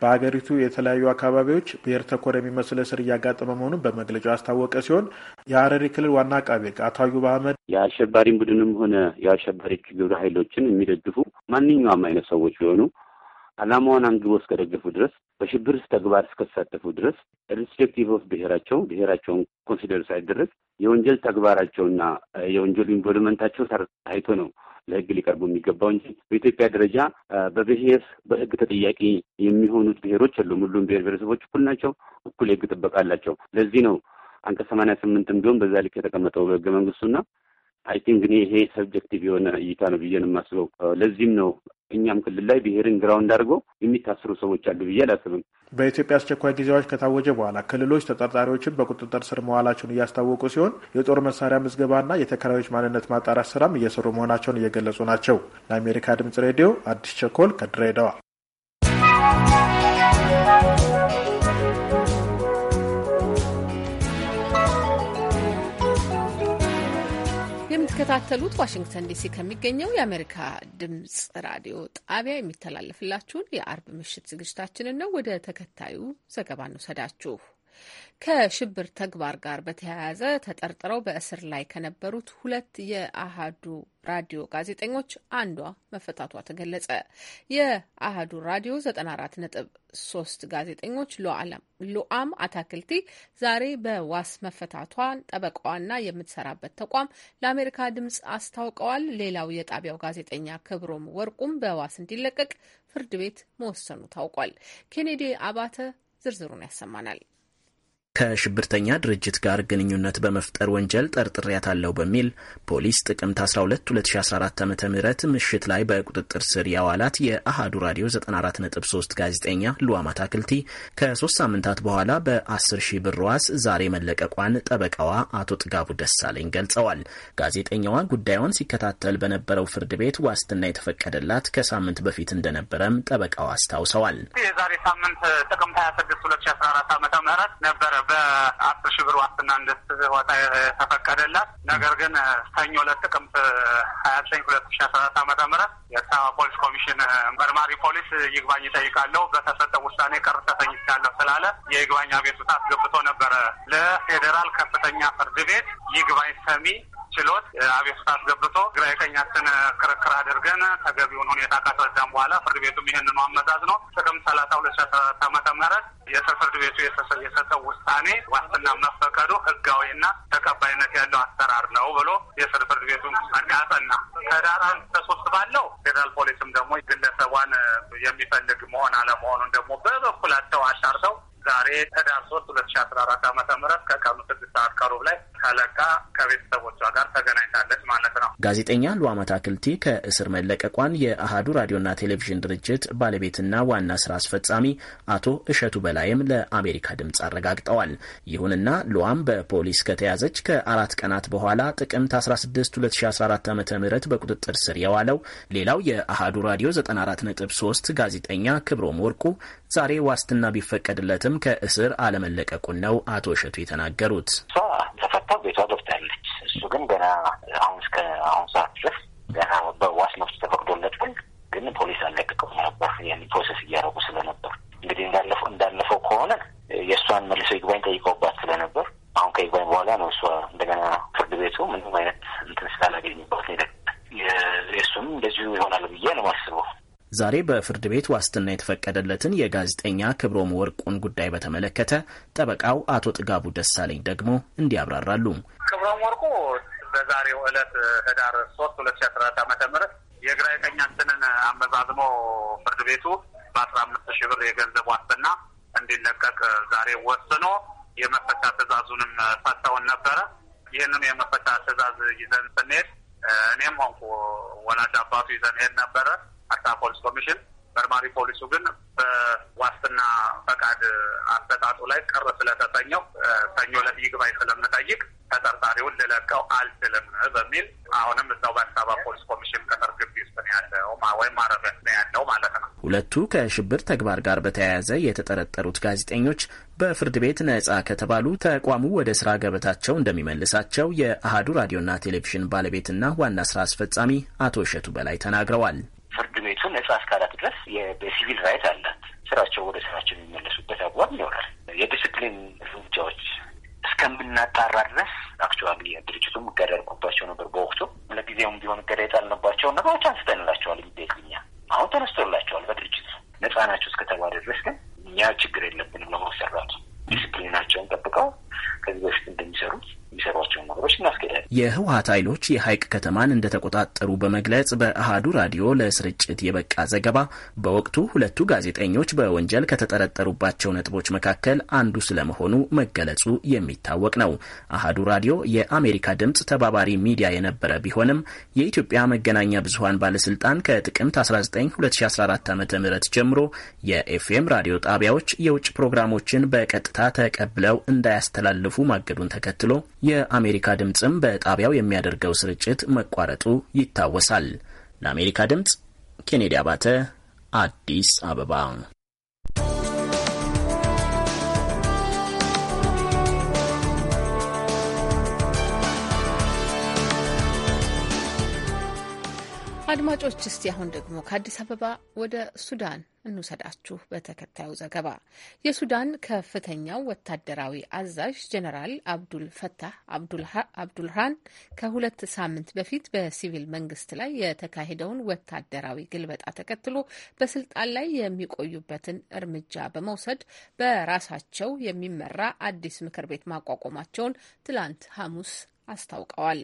በሀገሪቱ የተለያዩ አካባቢዎች ብሔር ተኮር የሚመስል እስር እያጋጠመ መሆኑን በመግለጫው ያስታወቀ ሲሆን የሀረሪ ክልል ዋና አቃቤ ሕግ አቶ አዩብ አህመድ የአሸባሪ ቡድንም ሆነ የአሸባሪ ግብረ ኃይሎችን የሚደግፉ ማንኛውም አይነት ሰዎች ቢሆኑ ዓላማዋን አንግቦ እስከደገፉ ድረስ በሽብር ተግባር እስከተሳተፉ ድረስ ሪስፔክቲቭ ኦፍ ብሔራቸው ብሔራቸውን ኮንሲደር ሳይደረግ የወንጀል ተግባራቸውና የወንጀል ኢንቮልቭመንታቸው ታይቶ ነው ለህግ ሊቀርቡ የሚገባው እንጂ በኢትዮጵያ ደረጃ በብሔር በህግ ተጠያቂ የሚሆኑት ብሔሮች አሉ። ሁሉም ብሔር ብሔረሰቦች እኩል ናቸው፣ እኩል የህግ ጥበቃ አላቸው። ለዚህ ነው አንቀጽ ሰማንያ ስምንትም ቢሆን በዛ ልክ የተቀመጠው በሕገ መንግስቱና አይ ቲንክ እኔ ይሄ ሰብጀክቲቭ የሆነ እይታ ነው ብዬ ነው የማስበው። ለዚህም ነው እኛም ክልል ላይ ብሔርን ግራውንድ አድርገው የሚታስሩ ሰዎች አሉ ብዬ አላስብም። በኢትዮጵያ አስቸኳይ ጊዜዎች ከታወጀ በኋላ ክልሎች ተጠርጣሪዎችን በቁጥጥር ስር መዋላቸውን እያስታወቁ ሲሆን የጦር መሳሪያ ምዝገባና የተከራዮች ማንነት ማጣራት ስራም እየሰሩ መሆናቸውን እየገለጹ ናቸው። ለአሜሪካ ድምጽ ሬዲዮ አዲስ ቸኮል ከድሬዳዋ የምትከታተሉት ዋሽንግተን ዲሲ ከሚገኘው የአሜሪካ ድምጽ ራዲዮ ጣቢያ የሚተላለፍላችሁን የአርብ ምሽት ዝግጅታችንን ነው። ወደ ተከታዩ ዘገባ እንውሰዳችሁ። ከሽብር ተግባር ጋር በተያያዘ ተጠርጥረው በእስር ላይ ከነበሩት ሁለት የአሃዱ ራዲዮ ጋዜጠኞች አንዷ መፈታቷ ተገለጸ። የአሃዱ ራዲዮ 94 ነጥብ ሶስት ጋዜጠኞች ሉአም አታክልቲ ዛሬ በዋስ መፈታቷን ጠበቃዋና የምትሰራበት ተቋም ለአሜሪካ ድምጽ አስታውቀዋል። ሌላው የጣቢያው ጋዜጠኛ ክብሮም ወርቁም በዋስ እንዲለቀቅ ፍርድ ቤት መወሰኑ ታውቋል። ኬኔዲ አባተ ዝርዝሩን ያሰማናል። ከሽብርተኛ ድርጅት ጋር ግንኙነት በመፍጠር ወንጀል ጠርጥሬያታለሁ በሚል ፖሊስ ጥቅምት 12 2014 ዓ ም ምሽት ላይ በቁጥጥር ስር ያዋላት የአሃዱ ራዲዮ 94.3 ጋዜጠኛ ሉዋማ ታክልቲ ከሶስት ሳምንታት በኋላ በ10 ሺህ ብር ዋስ ዛሬ መለቀቋን ጠበቃዋ አቶ ጥጋቡ ደሳለኝ ገልጸዋል። ጋዜጠኛዋ ጉዳዩን ሲከታተል በነበረው ፍርድ ቤት ዋስትና የተፈቀደላት ከሳምንት በፊት እንደነበረም ጠበቃዋ አስታውሰዋል። የዛሬ ሳምንት ጥቅምት 26 2014 ዓ ም ነበረ በአስር ሺህ ብር ዋስትና እንድትወጣ የተፈቀደላት ነገር ግን ሰኞ ለጥቅምት ሀያ ዘጠኝ ሁለት ሺህ አስራ አራት ዓመተ ምህረት የአዲስ አበባ ፖሊስ ኮሚሽን መርማሪ ፖሊስ ይግባኝ ይጠይቃለሁ በተሰጠ ውሳኔ ቅር ተሰኝቻለሁ ስላለ የይግባኝ አቤቱታ አስገብቶ ነበረ ለፌዴራል ከፍተኛ ፍርድ ቤት ይግባኝ ሰሚ ችሎት አቤቱታ አስገብቶ ግራ የተኛትን ክርክር አድርገን ተገቢውን ሁኔታ ካስረዳም በኋላ ፍርድ ቤቱም ይህንኑ አመዛዝ ነው ጥቅምት ሰላሳ ሁለት ሺህ አስራ ዓመተ ምህረት የስር ፍርድ ቤቱ የሰጠው ውሳኔ ዋስትና መፈቀዱ ህጋዊና ተቀባይነት ያለው አሰራር ነው ብሎ የስር ፍርድ ቤቱ አጋጠና አጸና። ከዳር አንድ ከሶስት ባለው ፌዴራል ፖሊስም ደግሞ ግለሰቧን የሚፈልግ መሆን አለመሆኑን ደግሞ በበኩላቸው አሻርተው ዛሬ ህዳር ሶስት ሁለት ሺ አስራ አራት አመተ ምህረት ከቀኑ ስድስት ሰዓት ከሩብ ላይ ሻለቃ ከቤተሰቦቿ ጋር ተገናኝታለች ማለት ጋዜጠኛ ሉዓማ አክልቲ ከእስር መለቀቋን የአሃዱ ራዲዮና ቴሌቪዥን ድርጅት ባለቤትና ዋና ስራ አስፈጻሚ አቶ እሸቱ በላይም ለአሜሪካ ድምፅ አረጋግጠዋል። ይሁንና ሉዋም በፖሊስ ከተያዘች ከአራት ቀናት በኋላ ጥቅምት 16 2014 ዓ ም በቁጥጥር ስር የዋለው ሌላው የአሃዱ ራዲዮ 943 ጋዜጠኛ ክብሮም ወርቁ ዛሬ ዋስትና ቢፈቀድለትም ከእስር አለመለቀቁን ነው አቶ እሸቱ የተናገሩት። ተፈታ ቤቷ ገብታለች። እሱ ግን ገና አሁን እስከ አሁን ሰዓት ድረስ ገና በዋስ መብት ተፈቅዶለት ግን ግን ፖሊስ አለቀቀው ነበር። ይህን ፕሮሰስ እያደረጉ ስለነበር እንግዲህ እንዳለፈው እንዳለፈው ከሆነ የእሷን መልሰው ይግባኝ ጠይቀውባት ስለነበር አሁን ከይግባኝ በኋላ ነው እሷ እንደገና ፍርድ ቤቱ ምንም አይነት እንትን ስላላገኙበት ነው የእሱም እንደዚሁ ይሆናል ብዬ ነው የማስበው። ዛሬ በፍርድ ቤት ዋስትና የተፈቀደለትን የጋዜጠኛ ክብሮም ወርቁን ጉዳይ በተመለከተ ጠበቃው አቶ ጥጋቡ ደሳለኝ ደግሞ እንዲያብራራሉ። ክብሮም ወርቁ በዛሬው ዕለት ህዳር ሶስት ሁለት ሺ አስራ አራት ዓመተ ምህረት የጋዜጠኛችንን አመዛዝሞ ፍርድ ቤቱ በአስራ አምስት ሺ ብር የገንዘብ ዋስትና እንዲለቀቅ ዛሬ ወስኖ የመፈቻ ትእዛዙንም ፈተውን ነበረ። ይህንን የመፈቻ ትእዛዝ ይዘን ስንሄድ እኔም ሆንኩ ወላጅ አባቱ ይዘን ሄድ ነበረ። አዲስ ፖሊስ ኮሚሽን መርማሪ ፖሊሱ ግን በዋስትና ፈቃድ አሰጣጡ ላይ ቅር ስለተሰኘው ሰኞ ዕለት ይግባኝ ስለምጠይቅ ተጠርጣሪውን ልለቀው አልችልም በሚል አሁንም እዛው በአዲስ አበባ ፖሊስ ኮሚሽን ቅጥር ግቢ ውስጥ ነው ያለው ወይም ማረፊያ ነው ያለው ማለት ነው። ሁለቱ ከሽብር ተግባር ጋር በተያያዘ የተጠረጠሩት ጋዜጠኞች በፍርድ ቤት ነጻ ከተባሉ ተቋሙ ወደ ስራ ገበታቸው እንደሚመልሳቸው የአህዱ ራዲዮና ቴሌቪዥን ባለቤትና ዋና ስራ አስፈጻሚ አቶ እሸቱ በላይ ተናግረዋል። እሱን እሷ እስካላት ድረስ በሲቪል ራይት አላት። ስራቸው ወደ ስራቸው የሚመለሱበት አግባብ ይኖራል። የዲስፕሊን እርምጃዎች እስከምናጣራ ድረስ አክቹዋሊ ድርጅቱም እገዳ ነበር። በወቅቱ ለጊዜውም ቢሆን እገዳ የጣልንባቸውን ነገሮች አንስተንላቸዋል። ሚቤትኛ አሁን ተነስቶላቸዋል። በድርጅቱ ነጻ ናቸው እስከተባለ ድረስ ግን እኛ ችግር የለብንም ለማሰራቱ ዲስፕሊናቸውን ጠብቀው ከዚህ በፊት እንደሚሰሩት የሚሰሯቸውን ነገሮች እናስኬዳለን። የህወሀት ኃይሎች የሀይቅ ከተማን እንደተቆጣጠሩ በመግለጽ በአሃዱ ራዲዮ ለስርጭት የበቃ ዘገባ በወቅቱ ሁለቱ ጋዜጠኞች በወንጀል ከተጠረጠሩባቸው ነጥቦች መካከል አንዱ ስለመሆኑ መገለጹ የሚታወቅ ነው። አሃዱ ራዲዮ የአሜሪካ ድምፅ ተባባሪ ሚዲያ የነበረ ቢሆንም የኢትዮጵያ መገናኛ ብዙሀን ባለስልጣን ከጥቅምት 19 2014 ዓ ም ጀምሮ የኤፍኤም ራዲዮ ጣቢያዎች የውጭ ፕሮግራሞችን በቀጥታ ተቀብለው እንዳያስተላልፉ ማገዱን ተከትሎ የአሜሪካ ድምፅም በጣቢያው የሚያደርገው ስርጭት መቋረጡ ይታወሳል። ለአሜሪካ ድምፅ ኬኔዲ አባተ አዲስ አበባ። አድማጮች እስቲ አሁን ደግሞ ከአዲስ አበባ ወደ ሱዳን እንውሰዳችሁ በተከታዩ ዘገባ። የሱዳን ከፍተኛው ወታደራዊ አዛዥ ጀነራል አብዱል ፈታህ አብዱልሃን ከሁለት ሳምንት በፊት በሲቪል መንግስት ላይ የተካሄደውን ወታደራዊ ግልበጣ ተከትሎ በስልጣን ላይ የሚቆዩበትን እርምጃ በመውሰድ በራሳቸው የሚመራ አዲስ ምክር ቤት ማቋቋማቸውን ትላንት ሐሙስ አስታውቀዋል።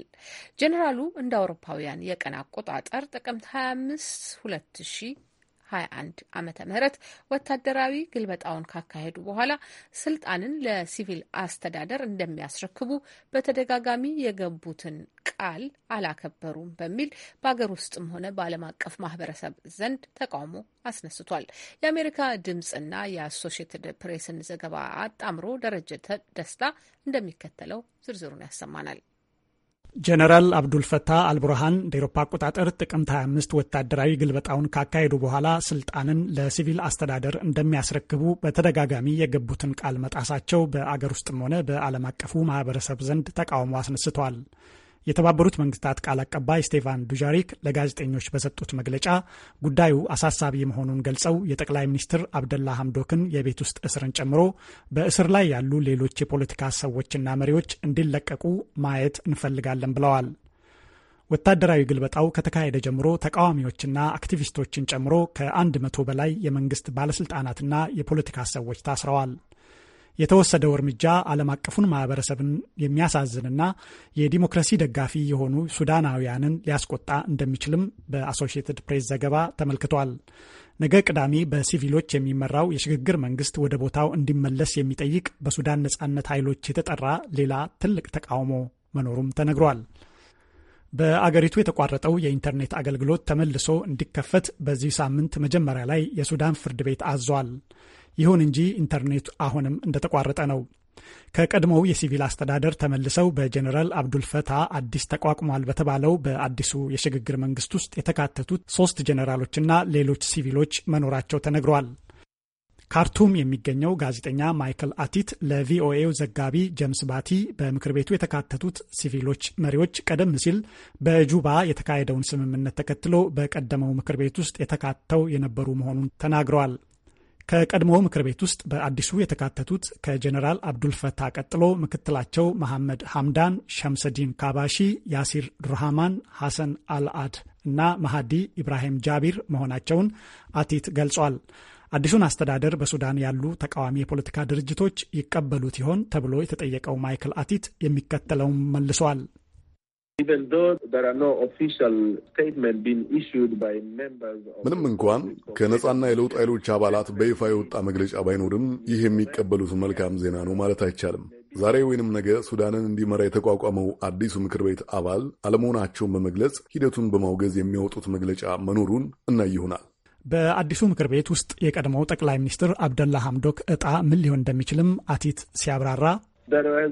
ጀኔራሉ እንደ አውሮፓውያን የቀን አቆጣጠር ጥቅምት 25 21 ዓመተ ምህረት ወታደራዊ ግልበጣውን ካካሄዱ በኋላ ስልጣንን ለሲቪል አስተዳደር እንደሚያስረክቡ በተደጋጋሚ የገቡትን ቃል አላከበሩም በሚል በሀገር ውስጥም ሆነ በዓለም አቀፍ ማህበረሰብ ዘንድ ተቃውሞ አስነስቷል። የአሜሪካ ድምፅና የአሶሽየትድ ፕሬስን ዘገባ አጣምሮ ደረጀ ደስታ እንደሚከተለው ዝርዝሩን ያሰማናል። ጀነራል አብዱልፈታህ አልቡርሃን እንደ ኤሮፓ አቆጣጠር ጥቅምት 25 ወታደራዊ ግልበጣውን ካካሄዱ በኋላ ስልጣንን ለሲቪል አስተዳደር እንደሚያስረክቡ በተደጋጋሚ የገቡትን ቃል መጣሳቸው በአገር ውስጥም ሆነ በዓለም አቀፉ ማህበረሰብ ዘንድ ተቃውሞ አስነስተዋል። የተባበሩት መንግስታት ቃል አቀባይ ስቴፋን ዱዣሪክ ለጋዜጠኞች በሰጡት መግለጫ ጉዳዩ አሳሳቢ መሆኑን ገልጸው የጠቅላይ ሚኒስትር አብደላ ሐምዶክን የቤት ውስጥ እስርን ጨምሮ በእስር ላይ ያሉ ሌሎች የፖለቲካ ሰዎችና መሪዎች እንዲለቀቁ ማየት እንፈልጋለን ብለዋል። ወታደራዊ ግልበጣው ከተካሄደ ጀምሮ ተቃዋሚዎችና አክቲቪስቶችን ጨምሮ ከአንድ መቶ በላይ የመንግስት ባለስልጣናትና የፖለቲካ ሰዎች ታስረዋል። የተወሰደው እርምጃ ዓለም አቀፉን ማህበረሰብን የሚያሳዝንና የዲሞክራሲ ደጋፊ የሆኑ ሱዳናውያንን ሊያስቆጣ እንደሚችልም በአሶሺየትድ ፕሬስ ዘገባ ተመልክቷል። ነገ ቅዳሜ በሲቪሎች የሚመራው የሽግግር መንግስት ወደ ቦታው እንዲመለስ የሚጠይቅ በሱዳን ነጻነት ኃይሎች የተጠራ ሌላ ትልቅ ተቃውሞ መኖሩም ተነግሯል። በአገሪቱ የተቋረጠው የኢንተርኔት አገልግሎት ተመልሶ እንዲከፈት በዚህ ሳምንት መጀመሪያ ላይ የሱዳን ፍርድ ቤት አዟል። ይሁን እንጂ ኢንተርኔት አሁንም እንደተቋረጠ ነው። ከቀድሞው የሲቪል አስተዳደር ተመልሰው በጀኔራል አብዱልፈታ አዲስ ተቋቁሟል በተባለው በአዲሱ የሽግግር መንግስት ውስጥ የተካተቱት ሶስት ጀኔራሎችና ሌሎች ሲቪሎች መኖራቸው ተነግሯል። ካርቱም የሚገኘው ጋዜጠኛ ማይክል አቲት ለቪኦኤው ዘጋቢ ጀምስ ባቲ በምክር ቤቱ የተካተቱት ሲቪሎች መሪዎች ቀደም ሲል በጁባ የተካሄደውን ስምምነት ተከትሎ በቀደመው ምክር ቤት ውስጥ የተካተው የነበሩ መሆኑን ተናግረዋል። ከቀድሞ ምክር ቤት ውስጥ በአዲሱ የተካተቱት ከጀኔራል አብዱልፈታ ቀጥሎ ምክትላቸው መሐመድ ሐምዳን፣ ሸምሰዲን ካባሺ፣ ያሲር ዱርሃማን፣ ሐሰን አልአድ እና መሃዲ ኢብራሂም ጃቢር መሆናቸውን አቲት ገልጿል። አዲሱን አስተዳደር በሱዳን ያሉ ተቃዋሚ የፖለቲካ ድርጅቶች ይቀበሉት ይሆን ተብሎ የተጠየቀው ማይክል አቲት የሚከተለውን መልሷል። ምንም እንኳን ከነጻና የለውጥ ኃይሎች አባላት በይፋ የወጣ መግለጫ ባይኖርም ይህ የሚቀበሉት መልካም ዜና ነው ማለት አይቻልም። ዛሬ ወይንም ነገ ሱዳንን እንዲመራ የተቋቋመው አዲሱ ምክር ቤት አባል አለመሆናቸውን በመግለጽ ሂደቱን በማውገዝ የሚያወጡት መግለጫ መኖሩን እና ይሆናል። በአዲሱ ምክር ቤት ውስጥ የቀድሞው ጠቅላይ ሚኒስትር አብደላ ሐምዶክ እጣ ምን ሊሆን እንደሚችልም አቲት ሲያብራራ Uh,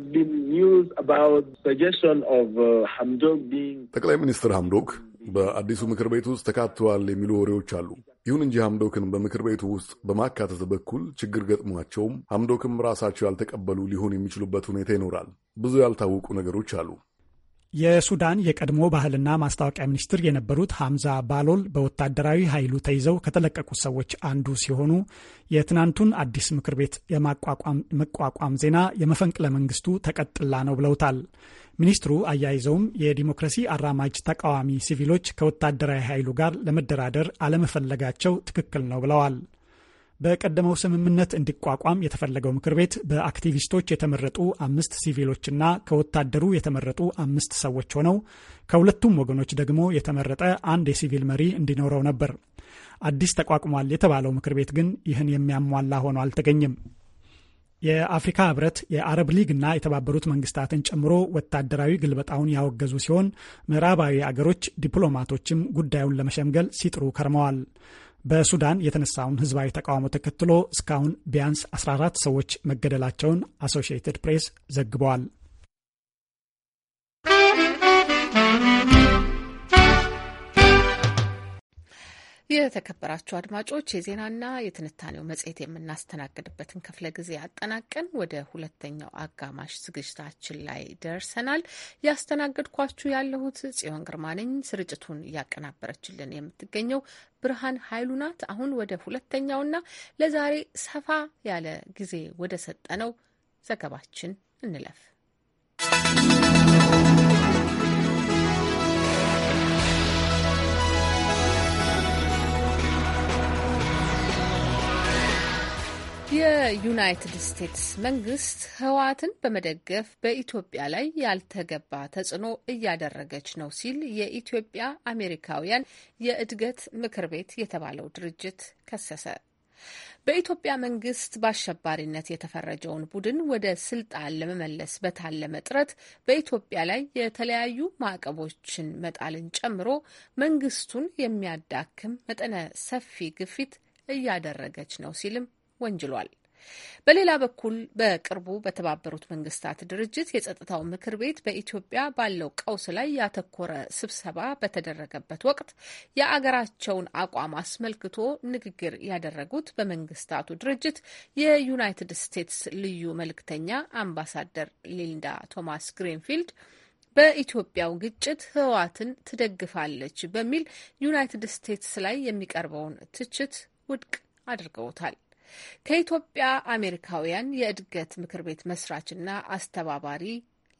ጠቅላይ ሚኒስትር ሐምዶክ በአዲሱ ምክር ቤት ውስጥ ተካተዋል የሚሉ ወሬዎች አሉ። ይሁን እንጂ ሐምዶክን በምክር ቤቱ ውስጥ በማካተት በኩል ችግር ገጥሟቸውም ሐምዶክም ራሳቸው ያልተቀበሉ ሊሆን የሚችሉበት ሁኔታ ይኖራል። ብዙ ያልታወቁ ነገሮች አሉ። የሱዳን የቀድሞ ባህልና ማስታወቂያ ሚኒስትር የነበሩት ሐምዛ ባሎል በወታደራዊ ኃይሉ ተይዘው ከተለቀቁት ሰዎች አንዱ ሲሆኑ የትናንቱን አዲስ ምክር ቤት የመቋቋም ዜና የመፈንቅለ መንግስቱ ተቀጥላ ነው ብለውታል። ሚኒስትሩ አያይዘውም የዲሞክራሲ አራማጅ ተቃዋሚ ሲቪሎች ከወታደራዊ ኃይሉ ጋር ለመደራደር አለመፈለጋቸው ትክክል ነው ብለዋል። በቀደመው ስምምነት እንዲቋቋም የተፈለገው ምክር ቤት በአክቲቪስቶች የተመረጡ አምስት ሲቪሎችና ከወታደሩ የተመረጡ አምስት ሰዎች ሆነው ከሁለቱም ወገኖች ደግሞ የተመረጠ አንድ የሲቪል መሪ እንዲኖረው ነበር። አዲስ ተቋቁሟል የተባለው ምክር ቤት ግን ይህን የሚያሟላ ሆኖ አልተገኘም። የአፍሪካ ህብረት የአረብ ሊግ እና የተባበሩት መንግስታትን ጨምሮ ወታደራዊ ግልበጣውን ያወገዙ ሲሆን ምዕራባዊ አገሮች ዲፕሎማቶችም ጉዳዩን ለመሸምገል ሲጥሩ ከርመዋል። በሱዳን የተነሳውን ህዝባዊ ተቃውሞ ተከትሎ እስካሁን ቢያንስ 14 ሰዎች መገደላቸውን አሶሺየትድ ፕሬስ ዘግበዋል። የተከበራችሁ አድማጮች የዜናና የትንታኔው መጽሔት የምናስተናግድበትን ክፍለ ጊዜ አጠናቀን ወደ ሁለተኛው አጋማሽ ዝግጅታችን ላይ ደርሰናል። ያስተናገድኳችሁ ያለሁት ጽዮን ግርማ ነኝ። ስርጭቱን እያቀናበረችልን የምትገኘው ብርሃን ኃይሉ ናት። አሁን ወደ ሁለተኛውና ለዛሬ ሰፋ ያለ ጊዜ ወደ ሰጠነው ዘገባችን እንለፍ። የዩናይትድ ስቴትስ መንግስት ህወሓትን በመደገፍ በኢትዮጵያ ላይ ያልተገባ ተጽዕኖ እያደረገች ነው ሲል የኢትዮጵያ አሜሪካውያን የእድገት ምክር ቤት የተባለው ድርጅት ከሰሰ። በኢትዮጵያ መንግስት በአሸባሪነት የተፈረጀውን ቡድን ወደ ስልጣን ለመመለስ በታለመ ጥረት በኢትዮጵያ ላይ የተለያዩ ማዕቀቦችን መጣልን ጨምሮ መንግስቱን የሚያዳክም መጠነ ሰፊ ግፊት እያደረገች ነው ሲልም ወንጅሏል። በሌላ በኩል በቅርቡ በተባበሩት መንግስታት ድርጅት የጸጥታው ምክር ቤት በኢትዮጵያ ባለው ቀውስ ላይ ያተኮረ ስብሰባ በተደረገበት ወቅት የአገራቸውን አቋም አስመልክቶ ንግግር ያደረጉት በመንግስታቱ ድርጅት የዩናይትድ ስቴትስ ልዩ መልእክተኛ አምባሳደር ሊንዳ ቶማስ ግሪንፊልድ በኢትዮጵያው ግጭት ህወሓትን ትደግፋለች በሚል ዩናይትድ ስቴትስ ላይ የሚቀርበውን ትችት ውድቅ አድርገውታል። ከኢትዮጵያ አሜሪካውያን የእድገት ምክር ቤት መስራችና አስተባባሪ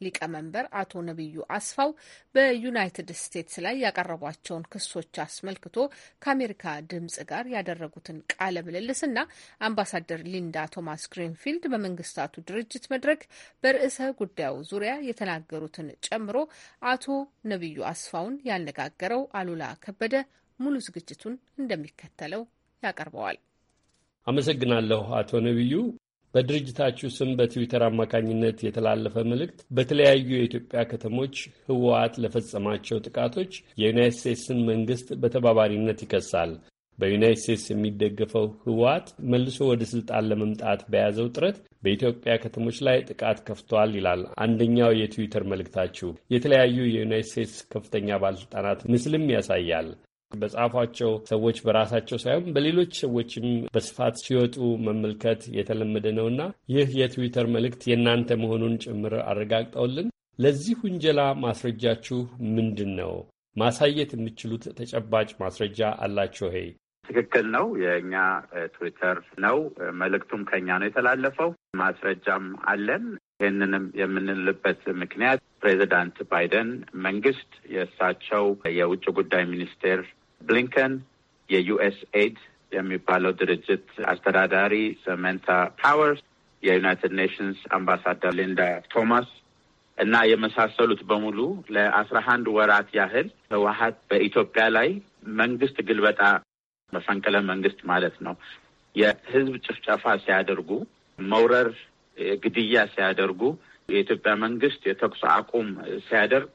ሊቀመንበር አቶ ነቢዩ አስፋው በዩናይትድ ስቴትስ ላይ ያቀረቧቸውን ክሶች አስመልክቶ ከአሜሪካ ድምጽ ጋር ያደረጉትን ቃለ ምልልስና አምባሳደር ሊንዳ ቶማስ ግሪንፊልድ በመንግስታቱ ድርጅት መድረክ በርዕሰ ጉዳዩ ዙሪያ የተናገሩትን ጨምሮ አቶ ነቢዩ አስፋውን ያነጋገረው አሉላ ከበደ ሙሉ ዝግጅቱን እንደሚከተለው ያቀርበዋል። አመሰግናለሁ አቶ ነቢዩ። በድርጅታችሁ ስም በትዊተር አማካኝነት የተላለፈ መልእክት በተለያዩ የኢትዮጵያ ከተሞች ህወሓት ለፈጸማቸው ጥቃቶች የዩናይት ስቴትስን መንግስት በተባባሪነት ይከሳል። በዩናይት ስቴትስ የሚደገፈው ህወሓት መልሶ ወደ ስልጣን ለመምጣት በያዘው ጥረት በኢትዮጵያ ከተሞች ላይ ጥቃት ከፍቷል ይላል አንደኛው የትዊተር መልእክታችሁ። የተለያዩ የዩናይት ስቴትስ ከፍተኛ ባለሥልጣናት ምስልም ያሳያል። በጻፏቸው ሰዎች በራሳቸው ሳይሆን በሌሎች ሰዎችም በስፋት ሲወጡ መመልከት የተለመደ ነውና ይህ የትዊተር መልእክት የእናንተ መሆኑን ጭምር አረጋግጠውልን፣ ለዚህ ውንጀላ ማስረጃችሁ ምንድን ነው? ማሳየት የምችሉት ተጨባጭ ማስረጃ አላችሁ ሄ ትክክል ነው። የእኛ ትዊተር ነው። መልእክቱም ከኛ ነው የተላለፈው። ማስረጃም አለን። ይህንንም የምንልበት ምክንያት ፕሬዚዳንት ባይደን መንግስት የእሳቸው የውጭ ጉዳይ ሚኒስቴር ብሊንከን የዩኤስ ኤድ የሚባለው ድርጅት አስተዳዳሪ ሰሜንታ ፓወርስ፣ የዩናይትድ ኔሽንስ አምባሳደር ሊንዳ ቶማስ እና የመሳሰሉት በሙሉ ለአስራ አንድ ወራት ያህል ህወሀት በኢትዮጵያ ላይ መንግስት ግልበጣ መፈንቅለ መንግስት ማለት ነው። የህዝብ ጭፍጨፋ ሲያደርጉ፣ መውረር፣ ግድያ ሲያደርጉ፣ የኢትዮጵያ መንግስት የተኩስ አቁም ሲያደርግ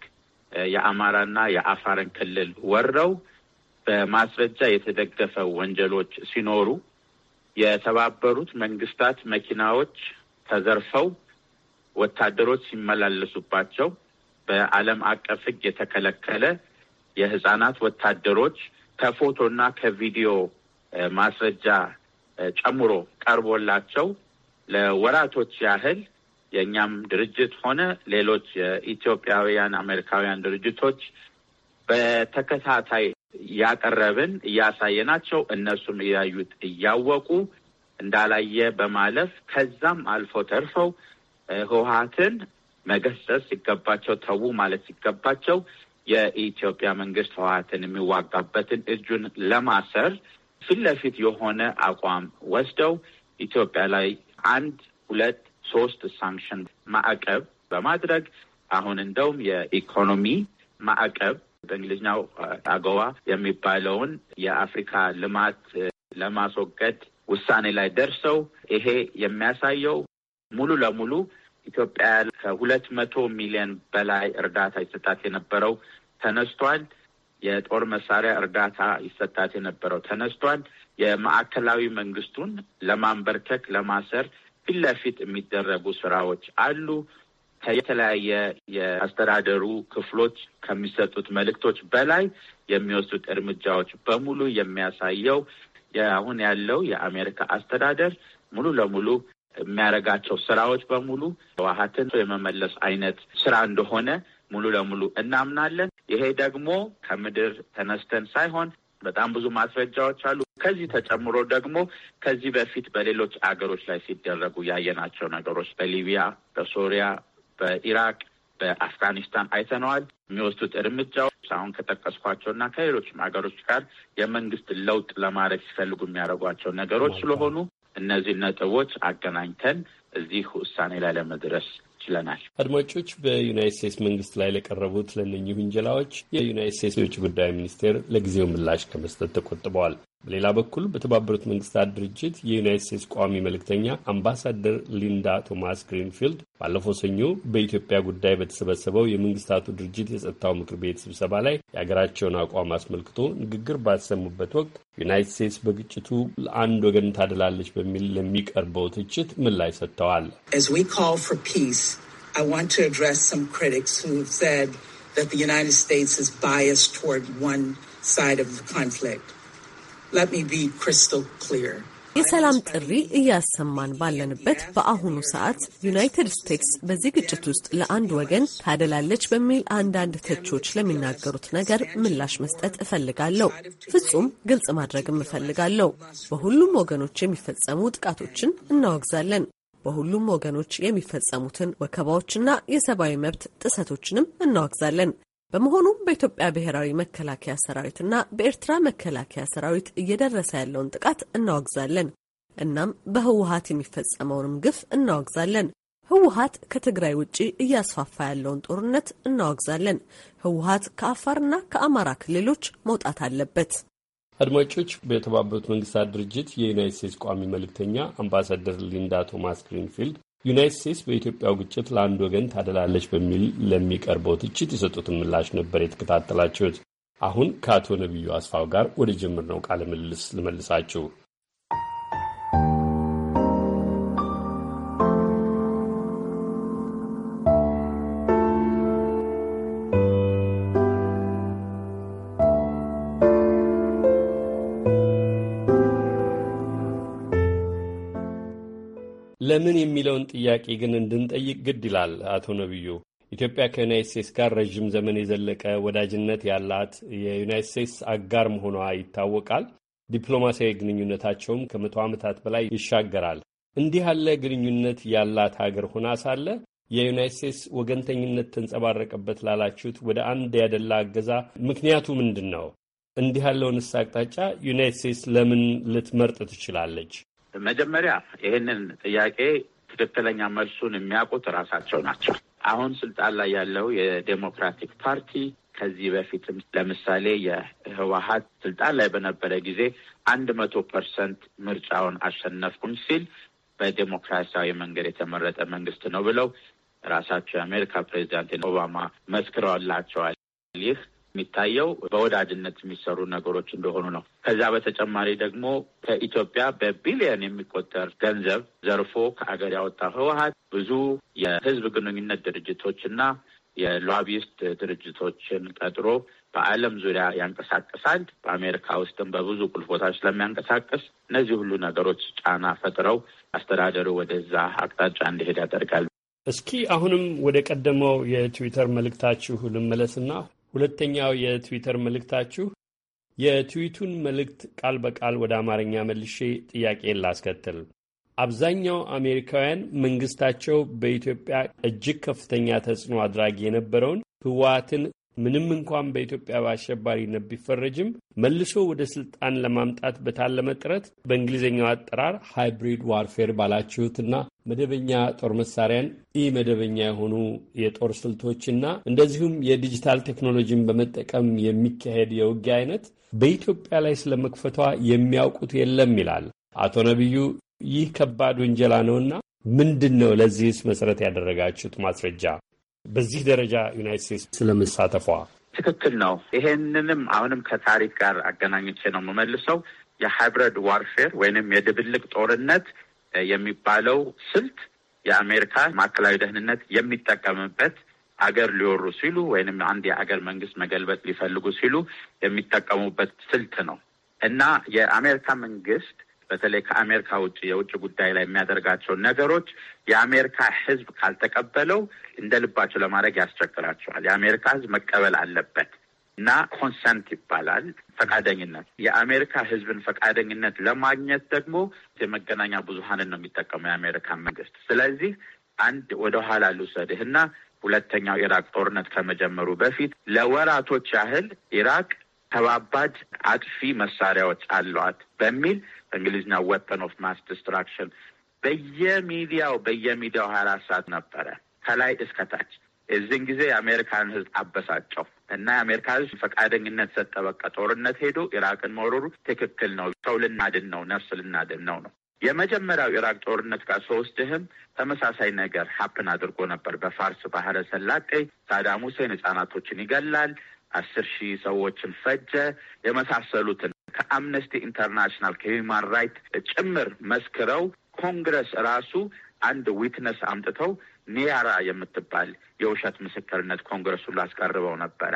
የአማራና የአፋርን ክልል ወረው በማስረጃ የተደገፈ ወንጀሎች ሲኖሩ የተባበሩት መንግስታት መኪናዎች ተዘርፈው ወታደሮች ሲመላለሱባቸው በዓለም አቀፍ ሕግ የተከለከለ የህጻናት ወታደሮች ከፎቶና ከቪዲዮ ማስረጃ ጨምሮ ቀርቦላቸው ለወራቶች ያህል የእኛም ድርጅት ሆነ ሌሎች የኢትዮጵያውያን አሜሪካውያን ድርጅቶች በተከታታይ ያቀረብን እያሳየናቸው እነሱም እያዩት እያወቁ እንዳላየ በማለፍ ከዛም አልፎ ተርፈው ህወሀትን መገሰጽ ሲገባቸው ተዉ ማለት ሲገባቸው የኢትዮጵያ መንግስት ህወሀትን የሚዋጋበትን እጁን ለማሰር ፊት ለፊት የሆነ አቋም ወስደው ኢትዮጵያ ላይ አንድ ሁለት ሶስት ሳንክሽን ማዕቀብ በማድረግ አሁን እንደውም የኢኮኖሚ ማዕቀብ በእንግሊዝኛው አጎዋ የሚባለውን የአፍሪካ ልማት ለማስወገድ ውሳኔ ላይ ደርሰው ይሄ የሚያሳየው ሙሉ ለሙሉ ኢትዮጵያ ከሁለት መቶ ሚሊዮን በላይ እርዳታ ይሰጣት የነበረው ተነስቷል። የጦር መሳሪያ እርዳታ ይሰጣት የነበረው ተነስቷል። የማዕከላዊ መንግስቱን ለማንበርከክ ለማሰር ፊት ለፊት የሚደረጉ ስራዎች አሉ። ከየተለያየ የአስተዳደሩ ክፍሎች ከሚሰጡት መልእክቶች በላይ የሚወስዱት እርምጃዎች በሙሉ የሚያሳየው አሁን ያለው የአሜሪካ አስተዳደር ሙሉ ለሙሉ የሚያደርጋቸው ስራዎች በሙሉ ህወሓትን የመመለስ አይነት ስራ እንደሆነ ሙሉ ለሙሉ እናምናለን። ይሄ ደግሞ ከምድር ተነስተን ሳይሆን በጣም ብዙ ማስረጃዎች አሉ። ከዚህ ተጨምሮ ደግሞ ከዚህ በፊት በሌሎች አገሮች ላይ ሲደረጉ ያየናቸው ነገሮች በሊቢያ፣ በሶሪያ፣ በኢራቅ በአፍጋኒስታን አይተነዋል። የሚወስዱት እርምጃዎች አሁን ከጠቀስኳቸው እና ከሌሎችም ሀገሮች ጋር የመንግስት ለውጥ ለማድረግ ሲፈልጉ የሚያደርጓቸው ነገሮች ስለሆኑ እነዚህ ነጥቦች አገናኝተን እዚህ ውሳኔ ላይ ለመድረስ ችለናል። አድማጮች፣ በዩናይት ስቴትስ መንግስት ላይ ለቀረቡት ለእነኚህ ውንጀላዎች የዩናይት ስቴትስ የውጭ ጉዳይ ሚኒስቴር ለጊዜው ምላሽ ከመስጠት ተቆጥበዋል። በሌላ በኩል በተባበሩት መንግስታት ድርጅት የዩናይት ስቴትስ ቋሚ መልእክተኛ አምባሳደር ሊንዳ ቶማስ ግሪንፊልድ ባለፈው ሰኞ በኢትዮጵያ ጉዳይ በተሰበሰበው የመንግስታቱ ድርጅት የጸጥታው ምክር ቤት ስብሰባ ላይ የሀገራቸውን አቋም አስመልክቶ ንግግር ባሰሙበት ወቅት ዩናይት ስቴትስ በግጭቱ ለአንድ ወገን ታደላለች በሚል ለሚቀርበው ትችት ምላሽ ሰጥተዋል። ዩናይትድ ስቴትስ is biased toward one side of the conflict. የሰላም ጥሪ እያሰማን ባለንበት በአሁኑ ሰዓት ዩናይትድ ስቴትስ በዚህ ግጭት ውስጥ ለአንድ ወገን ታደላለች በሚል አንዳንድ ተቾች ለሚናገሩት ነገር ምላሽ መስጠት እፈልጋለሁ። ፍጹም ግልጽ ማድረግም እፈልጋለሁ። በሁሉም ወገኖች የሚፈጸሙ ጥቃቶችን እናወግዛለን። በሁሉም ወገኖች የሚፈጸሙትን ወከባዎችና የሰብአዊ መብት ጥሰቶችንም እናወግዛለን። በመሆኑም በኢትዮጵያ ብሔራዊ መከላከያ ሰራዊትና በኤርትራ መከላከያ ሰራዊት እየደረሰ ያለውን ጥቃት እናወግዛለን። እናም በህወሀት የሚፈጸመውንም ግፍ እናወግዛለን። ህወሀት ከትግራይ ውጪ እያስፋፋ ያለውን ጦርነት እናወግዛለን። ህወሀት ከአፋርና ከአማራ ክልሎች መውጣት አለበት። አድማጮች፣ በተባበሩት መንግስታት ድርጅት የዩናይት ስቴትስ ቋሚ መልእክተኛ አምባሳደር ሊንዳ ቶማስ ግሪንፊልድ ዩናይት ስቴትስ በኢትዮጵያው ግጭት ለአንድ ወገን ታደላለች በሚል ለሚቀርበው ትችት የሰጡትን ምላሽ ነበር የተከታተላችሁት። አሁን ከአቶ ነቢዩ አስፋው ጋር ወደ ጀምር ነው ቃለ ምልልስ ልመልሳችሁ። ለምን የሚለውን ጥያቄ ግን እንድንጠይቅ ግድ ይላል። አቶ ነቢዩ ኢትዮጵያ ከዩናይት ስቴትስ ጋር ረዥም ዘመን የዘለቀ ወዳጅነት ያላት የዩናይት ስቴትስ አጋር መሆኗ ይታወቃል። ዲፕሎማሲያዊ ግንኙነታቸውም ከመቶ ዓመታት በላይ ይሻገራል። እንዲህ ያለ ግንኙነት ያላት ሀገር ሆና ሳለ የዩናይት ስቴትስ ወገንተኝነት ተንጸባረቀበት ላላችሁት ወደ አንድ ያደላ አገዛ ምክንያቱ ምንድን ነው? እንዲህ ያለውን አቅጣጫ ዩናይት ስቴትስ ለምን ልትመርጥ ትችላለች? መጀመሪያ ይህንን ጥያቄ ትክክለኛ መልሱን የሚያውቁት ራሳቸው ናቸው። አሁን ስልጣን ላይ ያለው የዴሞክራቲክ ፓርቲ ከዚህ በፊትም ለምሳሌ የህወሀት ስልጣን ላይ በነበረ ጊዜ አንድ መቶ ፐርሰንት ምርጫውን አሸነፍኩኝ ሲል በዴሞክራሲያዊ መንገድ የተመረጠ መንግስት ነው ብለው ራሳቸው የአሜሪካ ፕሬዚዳንት ኦባማ መስክረውላቸዋል። ይህ የሚታየው በወዳጅነት የሚሰሩ ነገሮች እንደሆኑ ነው። ከዛ በተጨማሪ ደግሞ ከኢትዮጵያ በቢሊየን የሚቆጠር ገንዘብ ዘርፎ ከአገር ያወጣ ህወሀት ብዙ የህዝብ ግንኙነት ድርጅቶችና የሎቢስት ድርጅቶችን ቀጥሮ በዓለም ዙሪያ ያንቀሳቅሳል። በአሜሪካ ውስጥም በብዙ ቁልፍ ቦታ ስለሚያንቀሳቅስ እነዚህ ሁሉ ነገሮች ጫና ፈጥረው አስተዳደሩ ወደዛ አቅጣጫ እንዲሄድ ያደርጋል። እስኪ አሁንም ወደ ቀደመው የትዊተር መልእክታችሁ ልመለስና ሁለተኛው የትዊተር መልእክታችሁ የትዊቱን መልእክት ቃል በቃል ወደ አማርኛ መልሼ ጥያቄን ላስከትል። አብዛኛው አሜሪካውያን መንግስታቸው በኢትዮጵያ እጅግ ከፍተኛ ተጽዕኖ አድራጊ የነበረውን ህወሓትን ምንም እንኳን በኢትዮጵያ በአሸባሪነት ቢፈረጅም መልሶ ወደ ስልጣን ለማምጣት በታለመ ጥረት በእንግሊዝኛው አጠራር ሃይብሪድ ዋርፌር ባላችሁትና መደበኛ ጦር መሳሪያን ኢ መደበኛ የሆኑ የጦር ስልቶችና እንደዚሁም የዲጂታል ቴክኖሎጂን በመጠቀም የሚካሄድ የውጊያ አይነት በኢትዮጵያ ላይ ስለመክፈቷ የሚያውቁት የለም ይላል አቶ ነቢዩ። ይህ ከባድ ውንጀላ ነውና ምንድን ነው ለዚህስ መሰረት ያደረጋችሁት ማስረጃ? በዚህ ደረጃ ዩናይት ስቴትስ ስለመሳተፏ ትክክል ነው። ይሄንንም አሁንም ከታሪክ ጋር አገናኝቼ ነው የምመልሰው። የሃይብረድ ዋርፌር ወይንም የድብልቅ ጦርነት የሚባለው ስልት የአሜሪካ ማዕከላዊ ደህንነት የሚጠቀምበት አገር ሊወሩ ሲሉ ወይንም አንድ የአገር መንግስት መገልበጥ ሊፈልጉ ሲሉ የሚጠቀሙበት ስልት ነው እና የአሜሪካ መንግስት በተለይ ከአሜሪካ ውጭ የውጭ ጉዳይ ላይ የሚያደርጋቸው ነገሮች የአሜሪካ ሕዝብ ካልተቀበለው እንደ ልባቸው ለማድረግ ያስቸግራቸዋል። የአሜሪካ ሕዝብ መቀበል አለበት እና ኮንሰንት ይባላል ፈቃደኝነት። የአሜሪካ ሕዝብን ፈቃደኝነት ለማግኘት ደግሞ የመገናኛ ብዙሀንን ነው የሚጠቀመው የአሜሪካ መንግስት። ስለዚህ አንድ ወደኋላ ልውሰድህ እና ሁለተኛው ኢራቅ ጦርነት ከመጀመሩ በፊት ለወራቶች ያህል ኢራቅ ከባባድ አጥፊ መሳሪያዎች አሏት በሚል በእንግሊዝኛ ዌፐን ኦፍ ማስ ዲስትራክሽን በየሚዲያው በየሚዲያው ሀያ አራት ሰዓት ነበረ ከላይ እስከ ታች። የዚህን ጊዜ የአሜሪካን ህዝብ አበሳጨው እና የአሜሪካ ህዝብ ፈቃደኝነት ሰጠ። በቃ ጦርነት ሄዶ ኢራቅን መውረሩ ትክክል ነው፣ ሰው ልናድን ነው፣ ነፍስ ልናድን ነው ነው የመጀመሪያው ኢራቅ ጦርነት ጋር ስወስድህም ተመሳሳይ ነገር ሀፕን አድርጎ ነበር። በፋርስ ባህረ ሰላጤ ሳዳም ሁሴን ህጻናቶችን ይገላል። አስር ሺህ ሰዎችን ፈጀ የመሳሰሉትን ከአምነስቲ ኢንተርናሽናል ከሂውማን ራይት ጭምር መስክረው ኮንግረስ ራሱ አንድ ዊትነስ አምጥተው ኒያራ የምትባል የውሸት ምስክርነት ኮንግረሱ ላስቀርበው ነበረ።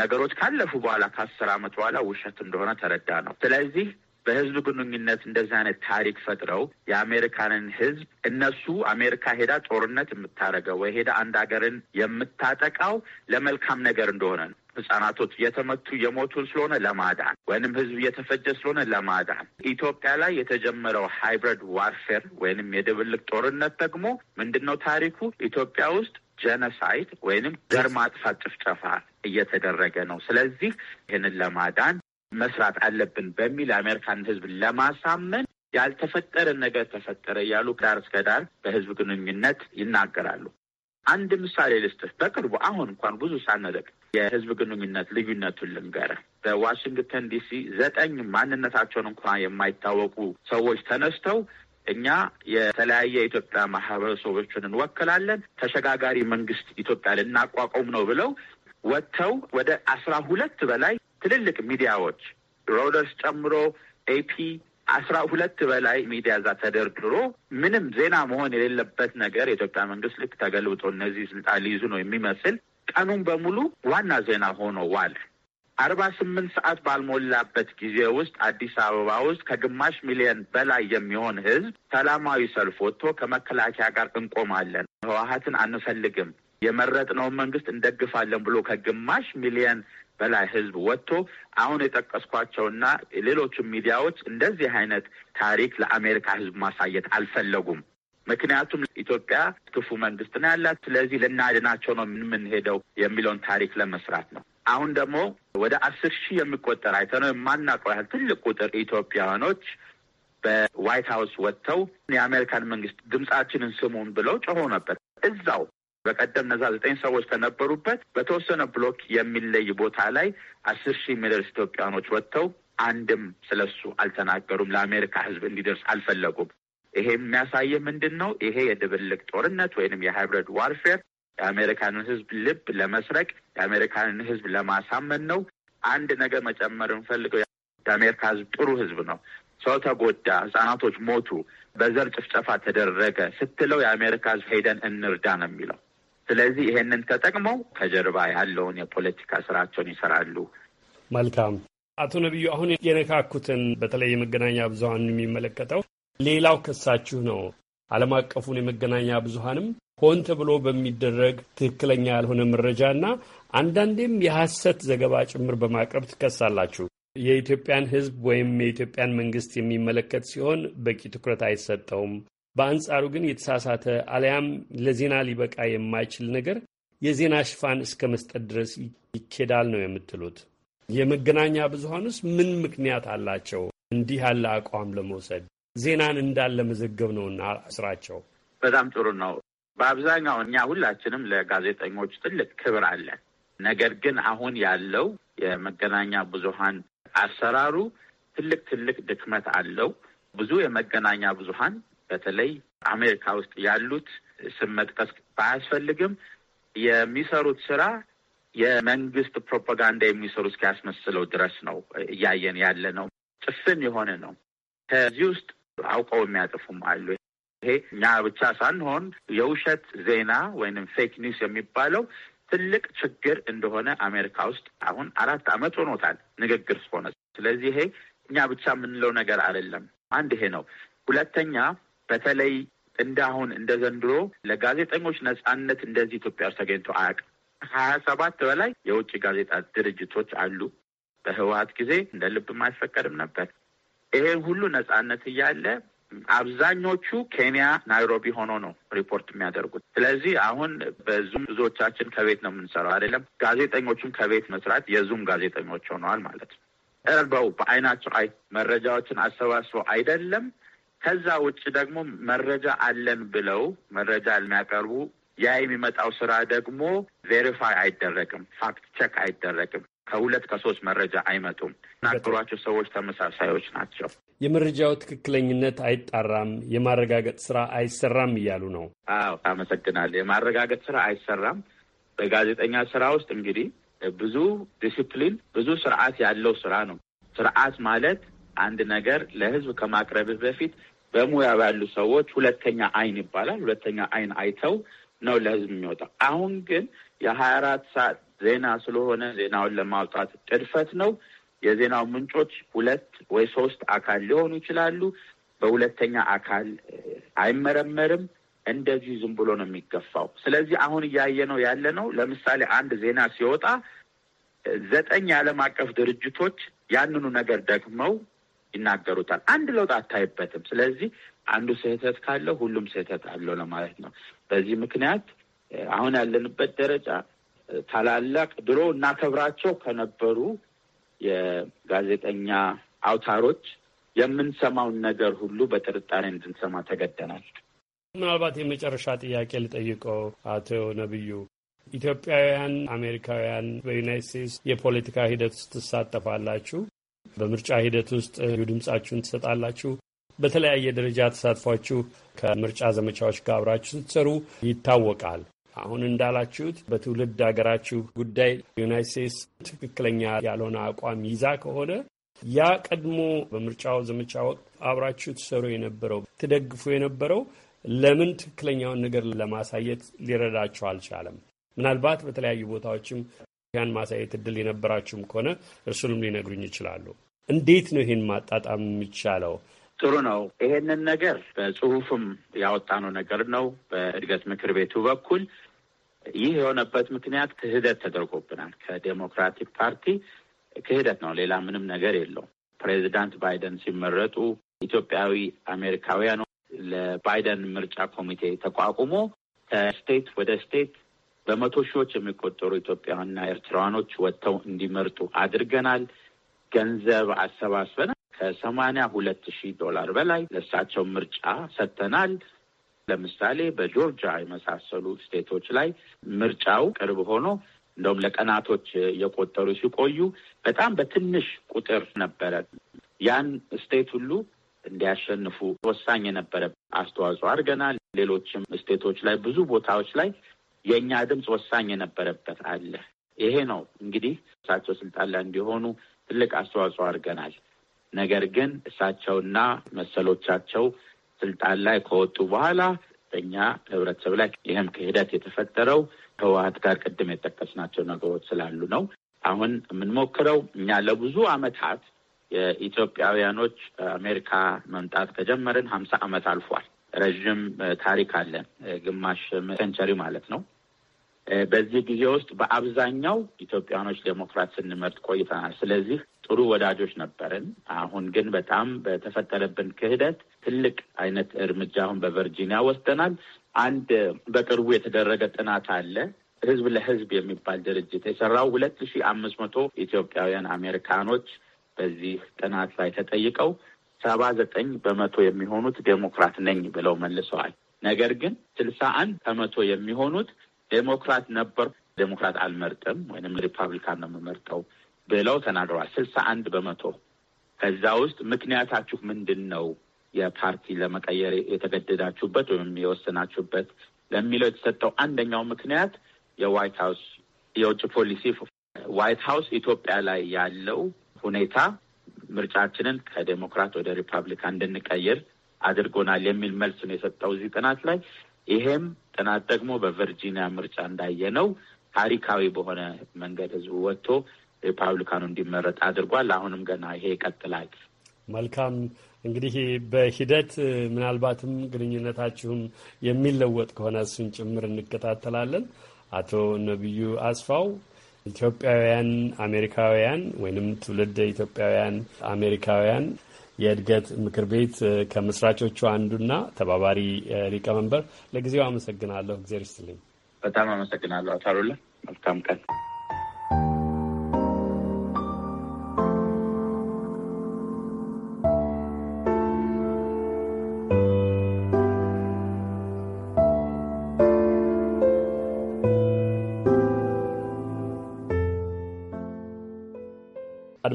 ነገሮች ካለፉ በኋላ ከአስር ዓመት በኋላ ውሸት እንደሆነ ተረዳ ነው። ስለዚህ በህዝብ ግንኙነት እንደዚህ አይነት ታሪክ ፈጥረው የአሜሪካንን ህዝብ እነሱ አሜሪካ ሄዳ ጦርነት የምታደርገው ወይ ሄዳ አንድ ሀገርን የምታጠቃው ለመልካም ነገር እንደሆነ ነው። ህጻናቶች እየተመቱ የሞቱ ስለሆነ ለማዳን ወይንም ህዝብ እየተፈጀ ስለሆነ ለማዳን ኢትዮጵያ ላይ የተጀመረው ሃይብረድ ዋርፌር ወይንም የድብልቅ ጦርነት ደግሞ ምንድን ነው ታሪኩ? ኢትዮጵያ ውስጥ ጀነሳይድ ወይንም ዘር ማጥፋት ጭፍጨፋ እየተደረገ ነው። ስለዚህ ይህንን ለማዳን መስራት አለብን በሚል የአሜሪካን ህዝብ ለማሳመን ያልተፈጠረ ነገር ተፈጠረ እያሉ ዳር እስከ ዳር በህዝብ ግንኙነት ይናገራሉ። አንድ ምሳሌ ልስጥህ። በቅርቡ አሁን እንኳን ብዙ ሳንርቅ የህዝብ ግንኙነት ልዩነቱን ልንገርህ። በዋሽንግተን ዲሲ ዘጠኝ ማንነታቸውን እንኳን የማይታወቁ ሰዎች ተነስተው እኛ የተለያየ የኢትዮጵያ ማህበረሰቦችን እንወክላለን ተሸጋጋሪ መንግስት ኢትዮጵያ ልናቋቁም ነው ብለው ወጥተው ወደ አስራ ሁለት በላይ ትልልቅ ሚዲያዎች ሮይተርስ ጨምሮ ኤፒ አስራ ሁለት በላይ ሚዲያ እዛ ተደርድሮ ምንም ዜና መሆን የሌለበት ነገር የኢትዮጵያ መንግስት ልክ ተገልብጦ እነዚህ ስልጣን ሊይዙ ነው የሚመስል ቀኑን በሙሉ ዋና ዜና ሆኖ ዋል። አርባ ስምንት ሰዓት ባልሞላበት ጊዜ ውስጥ አዲስ አበባ ውስጥ ከግማሽ ሚሊዮን በላይ የሚሆን ህዝብ ሰላማዊ ሰልፍ ወጥቶ ከመከላከያ ጋር እንቆማለን፣ ህወሀትን አንፈልግም፣ የመረጥነውን መንግስት እንደግፋለን ብሎ ከግማሽ ሚሊዮን በላይ ህዝብ ወጥቶ አሁን የጠቀስኳቸውና ሌሎቹም ሚዲያዎች እንደዚህ አይነት ታሪክ ለአሜሪካ ህዝብ ማሳየት አልፈለጉም። ምክንያቱም ኢትዮጵያ ክፉ መንግስት ነው ያላት። ስለዚህ ልናድናቸው ነው የምንሄደው የሚለውን ታሪክ ለመስራት ነው። አሁን ደግሞ ወደ አስር ሺህ የሚቆጠር አይተነው የማናውቀው ያህል ትልቅ ቁጥር ኢትዮጵያውያኖች በዋይት ሀውስ ወጥተው የአሜሪካን መንግስት ድምጻችንን ስሙን ብለው ጮሆ ነበር እዛው በቀደም እነዛ ዘጠኝ ሰዎች ከነበሩበት በተወሰነ ብሎክ የሚለይ ቦታ ላይ አስር ሺህ የሚደርስ ኢትዮጵያኖች ወጥተው አንድም ስለሱ አልተናገሩም። ለአሜሪካ ሕዝብ እንዲደርስ አልፈለጉም። ይሄ የሚያሳየ ምንድን ነው? ይሄ የድብልቅ ጦርነት ወይንም የሃይብረድ ዋርፌር የአሜሪካንን ሕዝብ ልብ ለመስረቅ የአሜሪካንን ሕዝብ ለማሳመን ነው። አንድ ነገር መጨመር እንፈልገው የአሜሪካ ሕዝብ ጥሩ ሕዝብ ነው። ሰው ተጎዳ፣ ህጻናቶች ሞቱ፣ በዘር ጭፍጨፋ ተደረገ ስትለው የአሜሪካ ሕዝብ ሄደን እንርዳ ነው የሚለው ስለዚህ ይሄንን ተጠቅመው ከጀርባ ያለውን የፖለቲካ ስራቸውን ይሰራሉ። መልካም አቶ ነቢዩ፣ አሁን የነካኩትን በተለይ የመገናኛ ብዙሀን የሚመለከተው ሌላው ክሳችሁ ነው። ዓለም አቀፉን የመገናኛ ብዙሀንም ሆን ተብሎ በሚደረግ ትክክለኛ ያልሆነ መረጃና አንዳንዴም የሐሰት ዘገባ ጭምር በማቅረብ ትከሳላችሁ። የኢትዮጵያን ሕዝብ ወይም የኢትዮጵያን መንግስት የሚመለከት ሲሆን በቂ ትኩረት አይሰጠውም። በአንጻሩ ግን የተሳሳተ አሊያም ለዜና ሊበቃ የማይችል ነገር የዜና ሽፋን እስከ መስጠት ድረስ ይኬዳል ነው የምትሉት። የመገናኛ ብዙሀንስ ምን ምክንያት አላቸው እንዲህ ያለ አቋም ለመውሰድ? ዜናን እንዳለ መዘገብ ነውና ስራቸው። በጣም ጥሩ ነው። በአብዛኛው እኛ ሁላችንም ለጋዜጠኞች ትልቅ ክብር አለን። ነገር ግን አሁን ያለው የመገናኛ ብዙሀን አሰራሩ ትልቅ ትልቅ ድክመት አለው። ብዙ የመገናኛ ብዙሀን በተለይ አሜሪካ ውስጥ ያሉት ስም መጥቀስ ባያስፈልግም የሚሰሩት ስራ የመንግስት ፕሮፓጋንዳ የሚሰሩ እስኪያስመስለው ድረስ ነው እያየን ያለ ነው። ጭፍን የሆነ ነው። ከዚህ ውስጥ አውቀው የሚያጥፉም አሉ። ይሄ እኛ ብቻ ሳንሆን የውሸት ዜና ወይንም ፌክ ኒውስ የሚባለው ትልቅ ችግር እንደሆነ አሜሪካ ውስጥ አሁን አራት አመት ሆኖታል ንግግር ስሆነ። ስለዚህ ይሄ እኛ ብቻ የምንለው ነገር አይደለም። አንድ ይሄ ነው። ሁለተኛ በተለይ እንዳሁን እንደ ዘንድሮ ለጋዜጠኞች ነጻነት እንደዚህ ኢትዮጵያ ውስጥ ተገኝቶ አያውቅም። ሀያ ሰባት በላይ የውጭ ጋዜጣ ድርጅቶች አሉ። በህወሀት ጊዜ እንደ ልብም አይፈቀድም ነበር። ይሄን ሁሉ ነጻነት እያለ አብዛኞቹ ኬንያ ናይሮቢ ሆኖ ነው ሪፖርት የሚያደርጉት። ስለዚህ አሁን በዙም ብዙዎቻችን ከቤት ነው የምንሰራው አይደለም። ጋዜጠኞቹም ከቤት መስራት የዙም ጋዜጠኞች ሆነዋል ማለት ነው። እርበው በአይናቸው አይ መረጃዎችን አሰባስበው አይደለም ከዛ ውጭ ደግሞ መረጃ አለን ብለው መረጃ የሚያቀርቡ ያ የሚመጣው ስራ ደግሞ ቬሪፋይ አይደረግም፣ ፋክት ቸክ አይደረግም። ከሁለት ከሶስት መረጃ አይመጡም። ናገሯቸው ሰዎች ተመሳሳዮች ናቸው። የመረጃው ትክክለኝነት አይጣራም፣ የማረጋገጥ ስራ አይሰራም እያሉ ነው። አዎ አመሰግናለሁ። የማረጋገጥ ስራ አይሰራም። በጋዜጠኛ ስራ ውስጥ እንግዲህ ብዙ ዲሲፕሊን፣ ብዙ ስርዓት ያለው ስራ ነው። ስርዓት ማለት አንድ ነገር ለህዝብ ከማቅረብህ በፊት በሙያ ባሉ ሰዎች ሁለተኛ አይን ይባላል። ሁለተኛ አይን አይተው ነው ለህዝብ የሚወጣው። አሁን ግን የሀያ አራት ሰዓት ዜና ስለሆነ ዜናውን ለማውጣት ጥድፈት ነው። የዜናው ምንጮች ሁለት ወይ ሶስት አካል ሊሆኑ ይችላሉ። በሁለተኛ አካል አይመረመርም። እንደዚህ ዝም ብሎ ነው የሚገፋው። ስለዚህ አሁን እያየነው ያለ ነው። ለምሳሌ አንድ ዜና ሲወጣ ዘጠኝ የዓለም አቀፍ ድርጅቶች ያንኑ ነገር ደግመው ይናገሩታል። አንድ ለውጥ አታይበትም። ስለዚህ አንዱ ስህተት ካለው ሁሉም ስህተት አለው ለማለት ነው። በዚህ ምክንያት አሁን ያለንበት ደረጃ ታላላቅ ድሮ እናከብራቸው ከነበሩ የጋዜጠኛ አውታሮች የምንሰማውን ነገር ሁሉ በጥርጣሬ እንድንሰማ ተገደናል። ምናልባት የመጨረሻ ጥያቄ ልጠይቀው አቶ ነብዩ ኢትዮጵያውያን አሜሪካውያን በዩናይት ስቴትስ የፖለቲካ ሂደት ውስጥ ትሳተፋላችሁ። በምርጫ ሂደት ውስጥ ድምጻችሁን ትሰጣላችሁ። በተለያየ ደረጃ ተሳትፏችሁ ከምርጫ ዘመቻዎች ጋር አብራችሁ ስትሰሩ ይታወቃል። አሁን እንዳላችሁት በትውልድ ሀገራችሁ ጉዳይ ዩናይት ስቴትስ ትክክለኛ ያልሆነ አቋም ይዛ ከሆነ ያ ቀድሞ በምርጫው ዘመቻ ወቅት አብራችሁ ትሰሩ የነበረው ትደግፉ የነበረው ለምን ትክክለኛውን ነገር ለማሳየት ሊረዳችሁ አልቻለም? ምናልባት በተለያዩ ቦታዎችም ያን ማሳየት እድል የነበራችሁም ከሆነ እርሱንም ሊነግሩኝ ይችላሉ። እንዴት ነው ይህን ማጣጣም የሚቻለው? ጥሩ ነው። ይሄንን ነገር በጽሁፍም ያወጣነው ነገር ነው። በእድገት ምክር ቤቱ በኩል ይህ የሆነበት ምክንያት ክህደት ተደርጎብናል። ከዴሞክራቲክ ፓርቲ ክህደት ነው፣ ሌላ ምንም ነገር የለውም። ፕሬዚዳንት ባይደን ሲመረጡ ኢትዮጵያዊ አሜሪካውያኑ ለባይደን ምርጫ ኮሚቴ ተቋቁሞ ከስቴት ወደ ስቴት በመቶ ሺዎች የሚቆጠሩ ኢትዮጵያውያንና ኤርትራውያኖች ወጥተው እንዲመርጡ አድርገናል። ገንዘብ አሰባስበናል። ከሰማንያ ሁለት ሺህ ዶላር በላይ ለእሳቸው ምርጫ ሰጥተናል። ለምሳሌ በጆርጂያ የመሳሰሉ ስቴቶች ላይ ምርጫው ቅርብ ሆኖ እንደውም ለቀናቶች የቆጠሩ ሲቆዩ በጣም በትንሽ ቁጥር ነበረ ያን ስቴት ሁሉ እንዲያሸንፉ ወሳኝ የነበረ አስተዋጽኦ አድርገናል። ሌሎችም ስቴቶች ላይ ብዙ ቦታዎች ላይ የእኛ ድምፅ ወሳኝ የነበረበት አለ። ይሄ ነው እንግዲህ እሳቸው ስልጣን ላይ እንዲሆኑ ትልቅ አስተዋጽኦ አድርገናል። ነገር ግን እሳቸውና መሰሎቻቸው ስልጣን ላይ ከወጡ በኋላ በእኛ ህብረተሰብ ላይ ይህም ክህደት የተፈጠረው ህወሀት ጋር ቅድም የጠቀስናቸው ነገሮች ስላሉ ነው። አሁን የምንሞክረው እኛ ለብዙ አመታት የኢትዮጵያውያኖች አሜሪካ መምጣት ከጀመርን ሀምሳ አመት አልፏል። ረዥም ታሪክ አለ፣ ግማሽ ሰንቸሪ ማለት ነው። በዚህ ጊዜ ውስጥ በአብዛኛው ኢትዮጵያኖች ዴሞክራት ስንመርጥ ቆይተናል። ስለዚህ ጥሩ ወዳጆች ነበርን። አሁን ግን በጣም በተፈጠረብን ክህደት ትልቅ አይነት እርምጃ አሁን በቨርጂኒያ ወስደናል። አንድ በቅርቡ የተደረገ ጥናት አለ ህዝብ ለህዝብ የሚባል ድርጅት የሰራው ሁለት ሺህ አምስት መቶ ኢትዮጵያውያን አሜሪካኖች በዚህ ጥናት ላይ ተጠይቀው ሰባ ዘጠኝ በመቶ የሚሆኑት ዴሞክራት ነኝ ብለው መልሰዋል። ነገር ግን ስልሳ አንድ ከመቶ የሚሆኑት ዴሞክራት ነበር፣ ዴሞክራት አልመርጥም ወይም ሪፐብሊካን ነው የምመርጠው ብለው ተናግረዋል። ስልሳ አንድ በመቶ ከዛ ውስጥ ምክንያታችሁ ምንድን ነው የፓርቲ ለመቀየር የተገደዳችሁበት ወይም የወሰናችሁበት ለሚለው የተሰጠው አንደኛው ምክንያት የዋይት ሀውስ የውጭ ፖሊሲ ዋይት ሀውስ ኢትዮጵያ ላይ ያለው ሁኔታ ምርጫችንን ከዴሞክራት ወደ ሪፐብሊካን እንድንቀይር አድርጎናል የሚል መልስ ነው የሰጠው እዚህ ጥናት ላይ። ይሄም ጥናት ደግሞ በቨርጂኒያ ምርጫ እንዳየነው ታሪካዊ በሆነ መንገድ ህዝቡ ወጥቶ ሪፐብሊካኑ እንዲመረጥ አድርጓል። አሁንም ገና ይሄ ይቀጥላል። መልካም እንግዲህ በሂደት ምናልባትም ግንኙነታችሁም የሚለወጥ ከሆነ እሱን ጭምር እንከታተላለን። አቶ ነቢዩ አስፋው ኢትዮጵያውያን አሜሪካውያን ወይንም ትውልድ ኢትዮጵያውያን አሜሪካውያን የእድገት ምክር ቤት ከመስራቾቹ አንዱና ተባባሪ ሊቀመንበር፣ ለጊዜው አመሰግናለሁ። እግዜር ይስጥልኝ። በጣም አመሰግናለሁ አቶ አሉላ። መልካም ቀን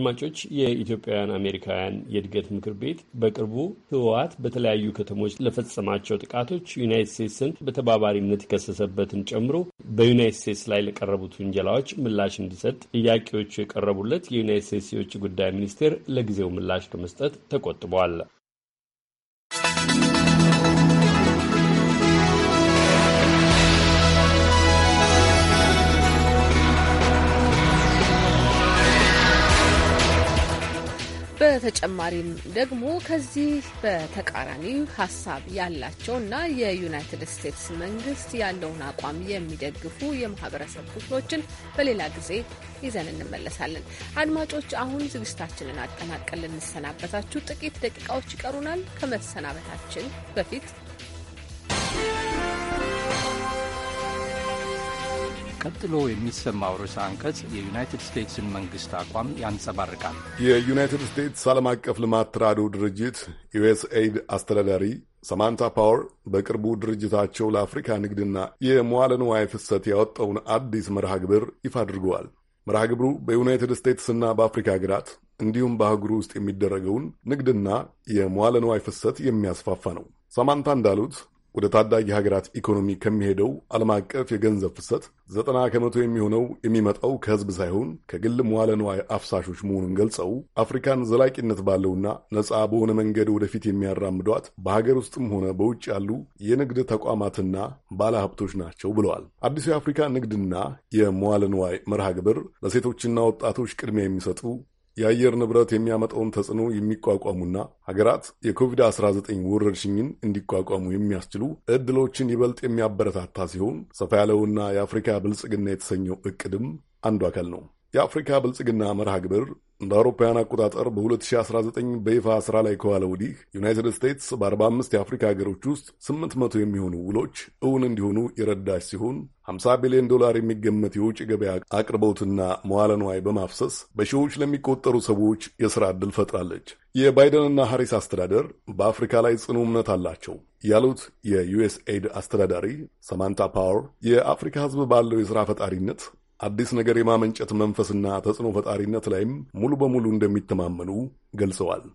አድማጮች የኢትዮጵያውያን አሜሪካውያን የእድገት ምክር ቤት በቅርቡ ህወሓት በተለያዩ ከተሞች ለፈጸማቸው ጥቃቶች ዩናይት ስቴትስን በተባባሪነት የከሰሰበትን ጨምሮ በዩናይት ስቴትስ ላይ ለቀረቡት ውንጀላዎች ምላሽ እንዲሰጥ ጥያቄዎቹ የቀረቡለት የዩናይት ስቴትስ የውጭ ጉዳይ ሚኒስቴር ለጊዜው ምላሽ ከመስጠት ተቆጥቧል። በተጨማሪም ደግሞ ከዚህ በተቃራኒ ሀሳብ ያላቸውና የዩናይትድ ስቴትስ መንግስት ያለውን አቋም የሚደግፉ የማህበረሰብ ክፍሎችን በሌላ ጊዜ ይዘን እንመለሳለን። አድማጮች፣ አሁን ዝግጅታችንን አጠናቀን ልንሰናበታችሁ ጥቂት ደቂቃዎች ይቀሩናል። ከመሰናበታችን በፊት ቀጥሎ የሚሰማው ርዕሰ አንቀጽ የዩናይትድ ስቴትስን መንግስት አቋም ያንጸባርቃል። የዩናይትድ ስቴትስ ዓለም አቀፍ ልማት ተራድኦ ድርጅት ዩኤስኤይድ አስተዳዳሪ ሰማንታ ፓወር በቅርቡ ድርጅታቸው ለአፍሪካ ንግድና የመዋለ ንዋይ ፍሰት ያወጣውን አዲስ መርሃ ግብር ይፋ አድርገዋል። መርሃ ግብሩ በዩናይትድ ስቴትስና በአፍሪካ ሀገራት እንዲሁም በአህጉሩ ውስጥ የሚደረገውን ንግድና የመዋለ ንዋይ ፍሰት የሚያስፋፋ ነው። ሰማንታ እንዳሉት ወደ ታዳጊ ሀገራት ኢኮኖሚ ከሚሄደው ዓለም አቀፍ የገንዘብ ፍሰት ዘጠና ከመቶ የሚሆነው የሚመጣው ከህዝብ ሳይሆን ከግል መዋለ ንዋይ አፍሳሾች መሆኑን ገልጸው አፍሪካን ዘላቂነት ባለውና ነፃ በሆነ መንገድ ወደፊት የሚያራምዷት በሀገር ውስጥም ሆነ በውጭ ያሉ የንግድ ተቋማትና ባለሀብቶች ናቸው ብለዋል። አዲሱ የአፍሪካ ንግድና የመዋለ ንዋይ መርሃ ግብር ለሴቶችና ወጣቶች ቅድሚያ የሚሰጡ የአየር ንብረት የሚያመጣውን ተጽዕኖ የሚቋቋሙና ሀገራት የኮቪድ-19 ወረርሽኝን እንዲቋቋሙ የሚያስችሉ እድሎችን ይበልጥ የሚያበረታታ ሲሆን ሰፋ ያለውና የአፍሪካ ብልጽግና የተሰኘው እቅድም አንዱ አካል ነው። የአፍሪካ ብልጽግና መርሃ ግብር እንደ አውሮፓውያን አቆጣጠር በ2019 በይፋ ስራ ላይ ከዋለ ወዲህ ዩናይትድ ስቴትስ በ45 የአፍሪካ ሀገሮች ውስጥ 800 የሚሆኑ ውሎች እውን እንዲሆኑ የረዳች ሲሆን 50 ቢሊዮን ዶላር የሚገመት የውጭ ገበያ አቅርቦትና መዋለ ንዋይ በማፍሰስ በሺዎች ለሚቆጠሩ ሰዎች የሥራ ዕድል ፈጥራለች። የባይደንና ሐሪስ አስተዳደር በአፍሪካ ላይ ጽኑ እምነት አላቸው ያሉት የዩኤስ ኤድ አስተዳዳሪ ሰማንታ ፓወር የአፍሪካ ሕዝብ ባለው የሥራ ፈጣሪነት አዲስ ነገር የማመንጨት መንፈስና ተጽዕኖ ፈጣሪነት ላይም ሙሉ በሙሉ እንደሚተማመኑ ገልጸዋል።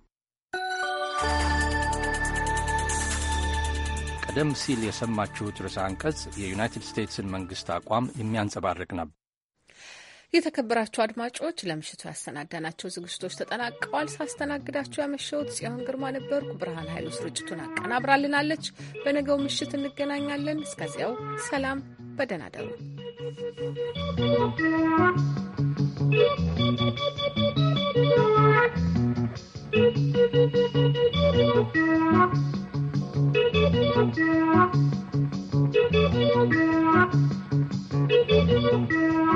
ቀደም ሲል የሰማችሁት ርዕሰ አንቀጽ የዩናይትድ ስቴትስን መንግሥት አቋም የሚያንጸባርቅ ነበር። የተከበራችሁ አድማጮች ለምሽቱ ያሰናዳናቸው ዝግጅቶች ተጠናቀዋል። ሳስተናግዳችሁ ያመሸሁት ጽዮን ግርማ ነበርኩ። ብርሃን ኃይሉ ስርጭቱን አቀናብራልናለች። በነገው ምሽት እንገናኛለን። እስከዚያው ሰላም፣ በደህና ደሩ።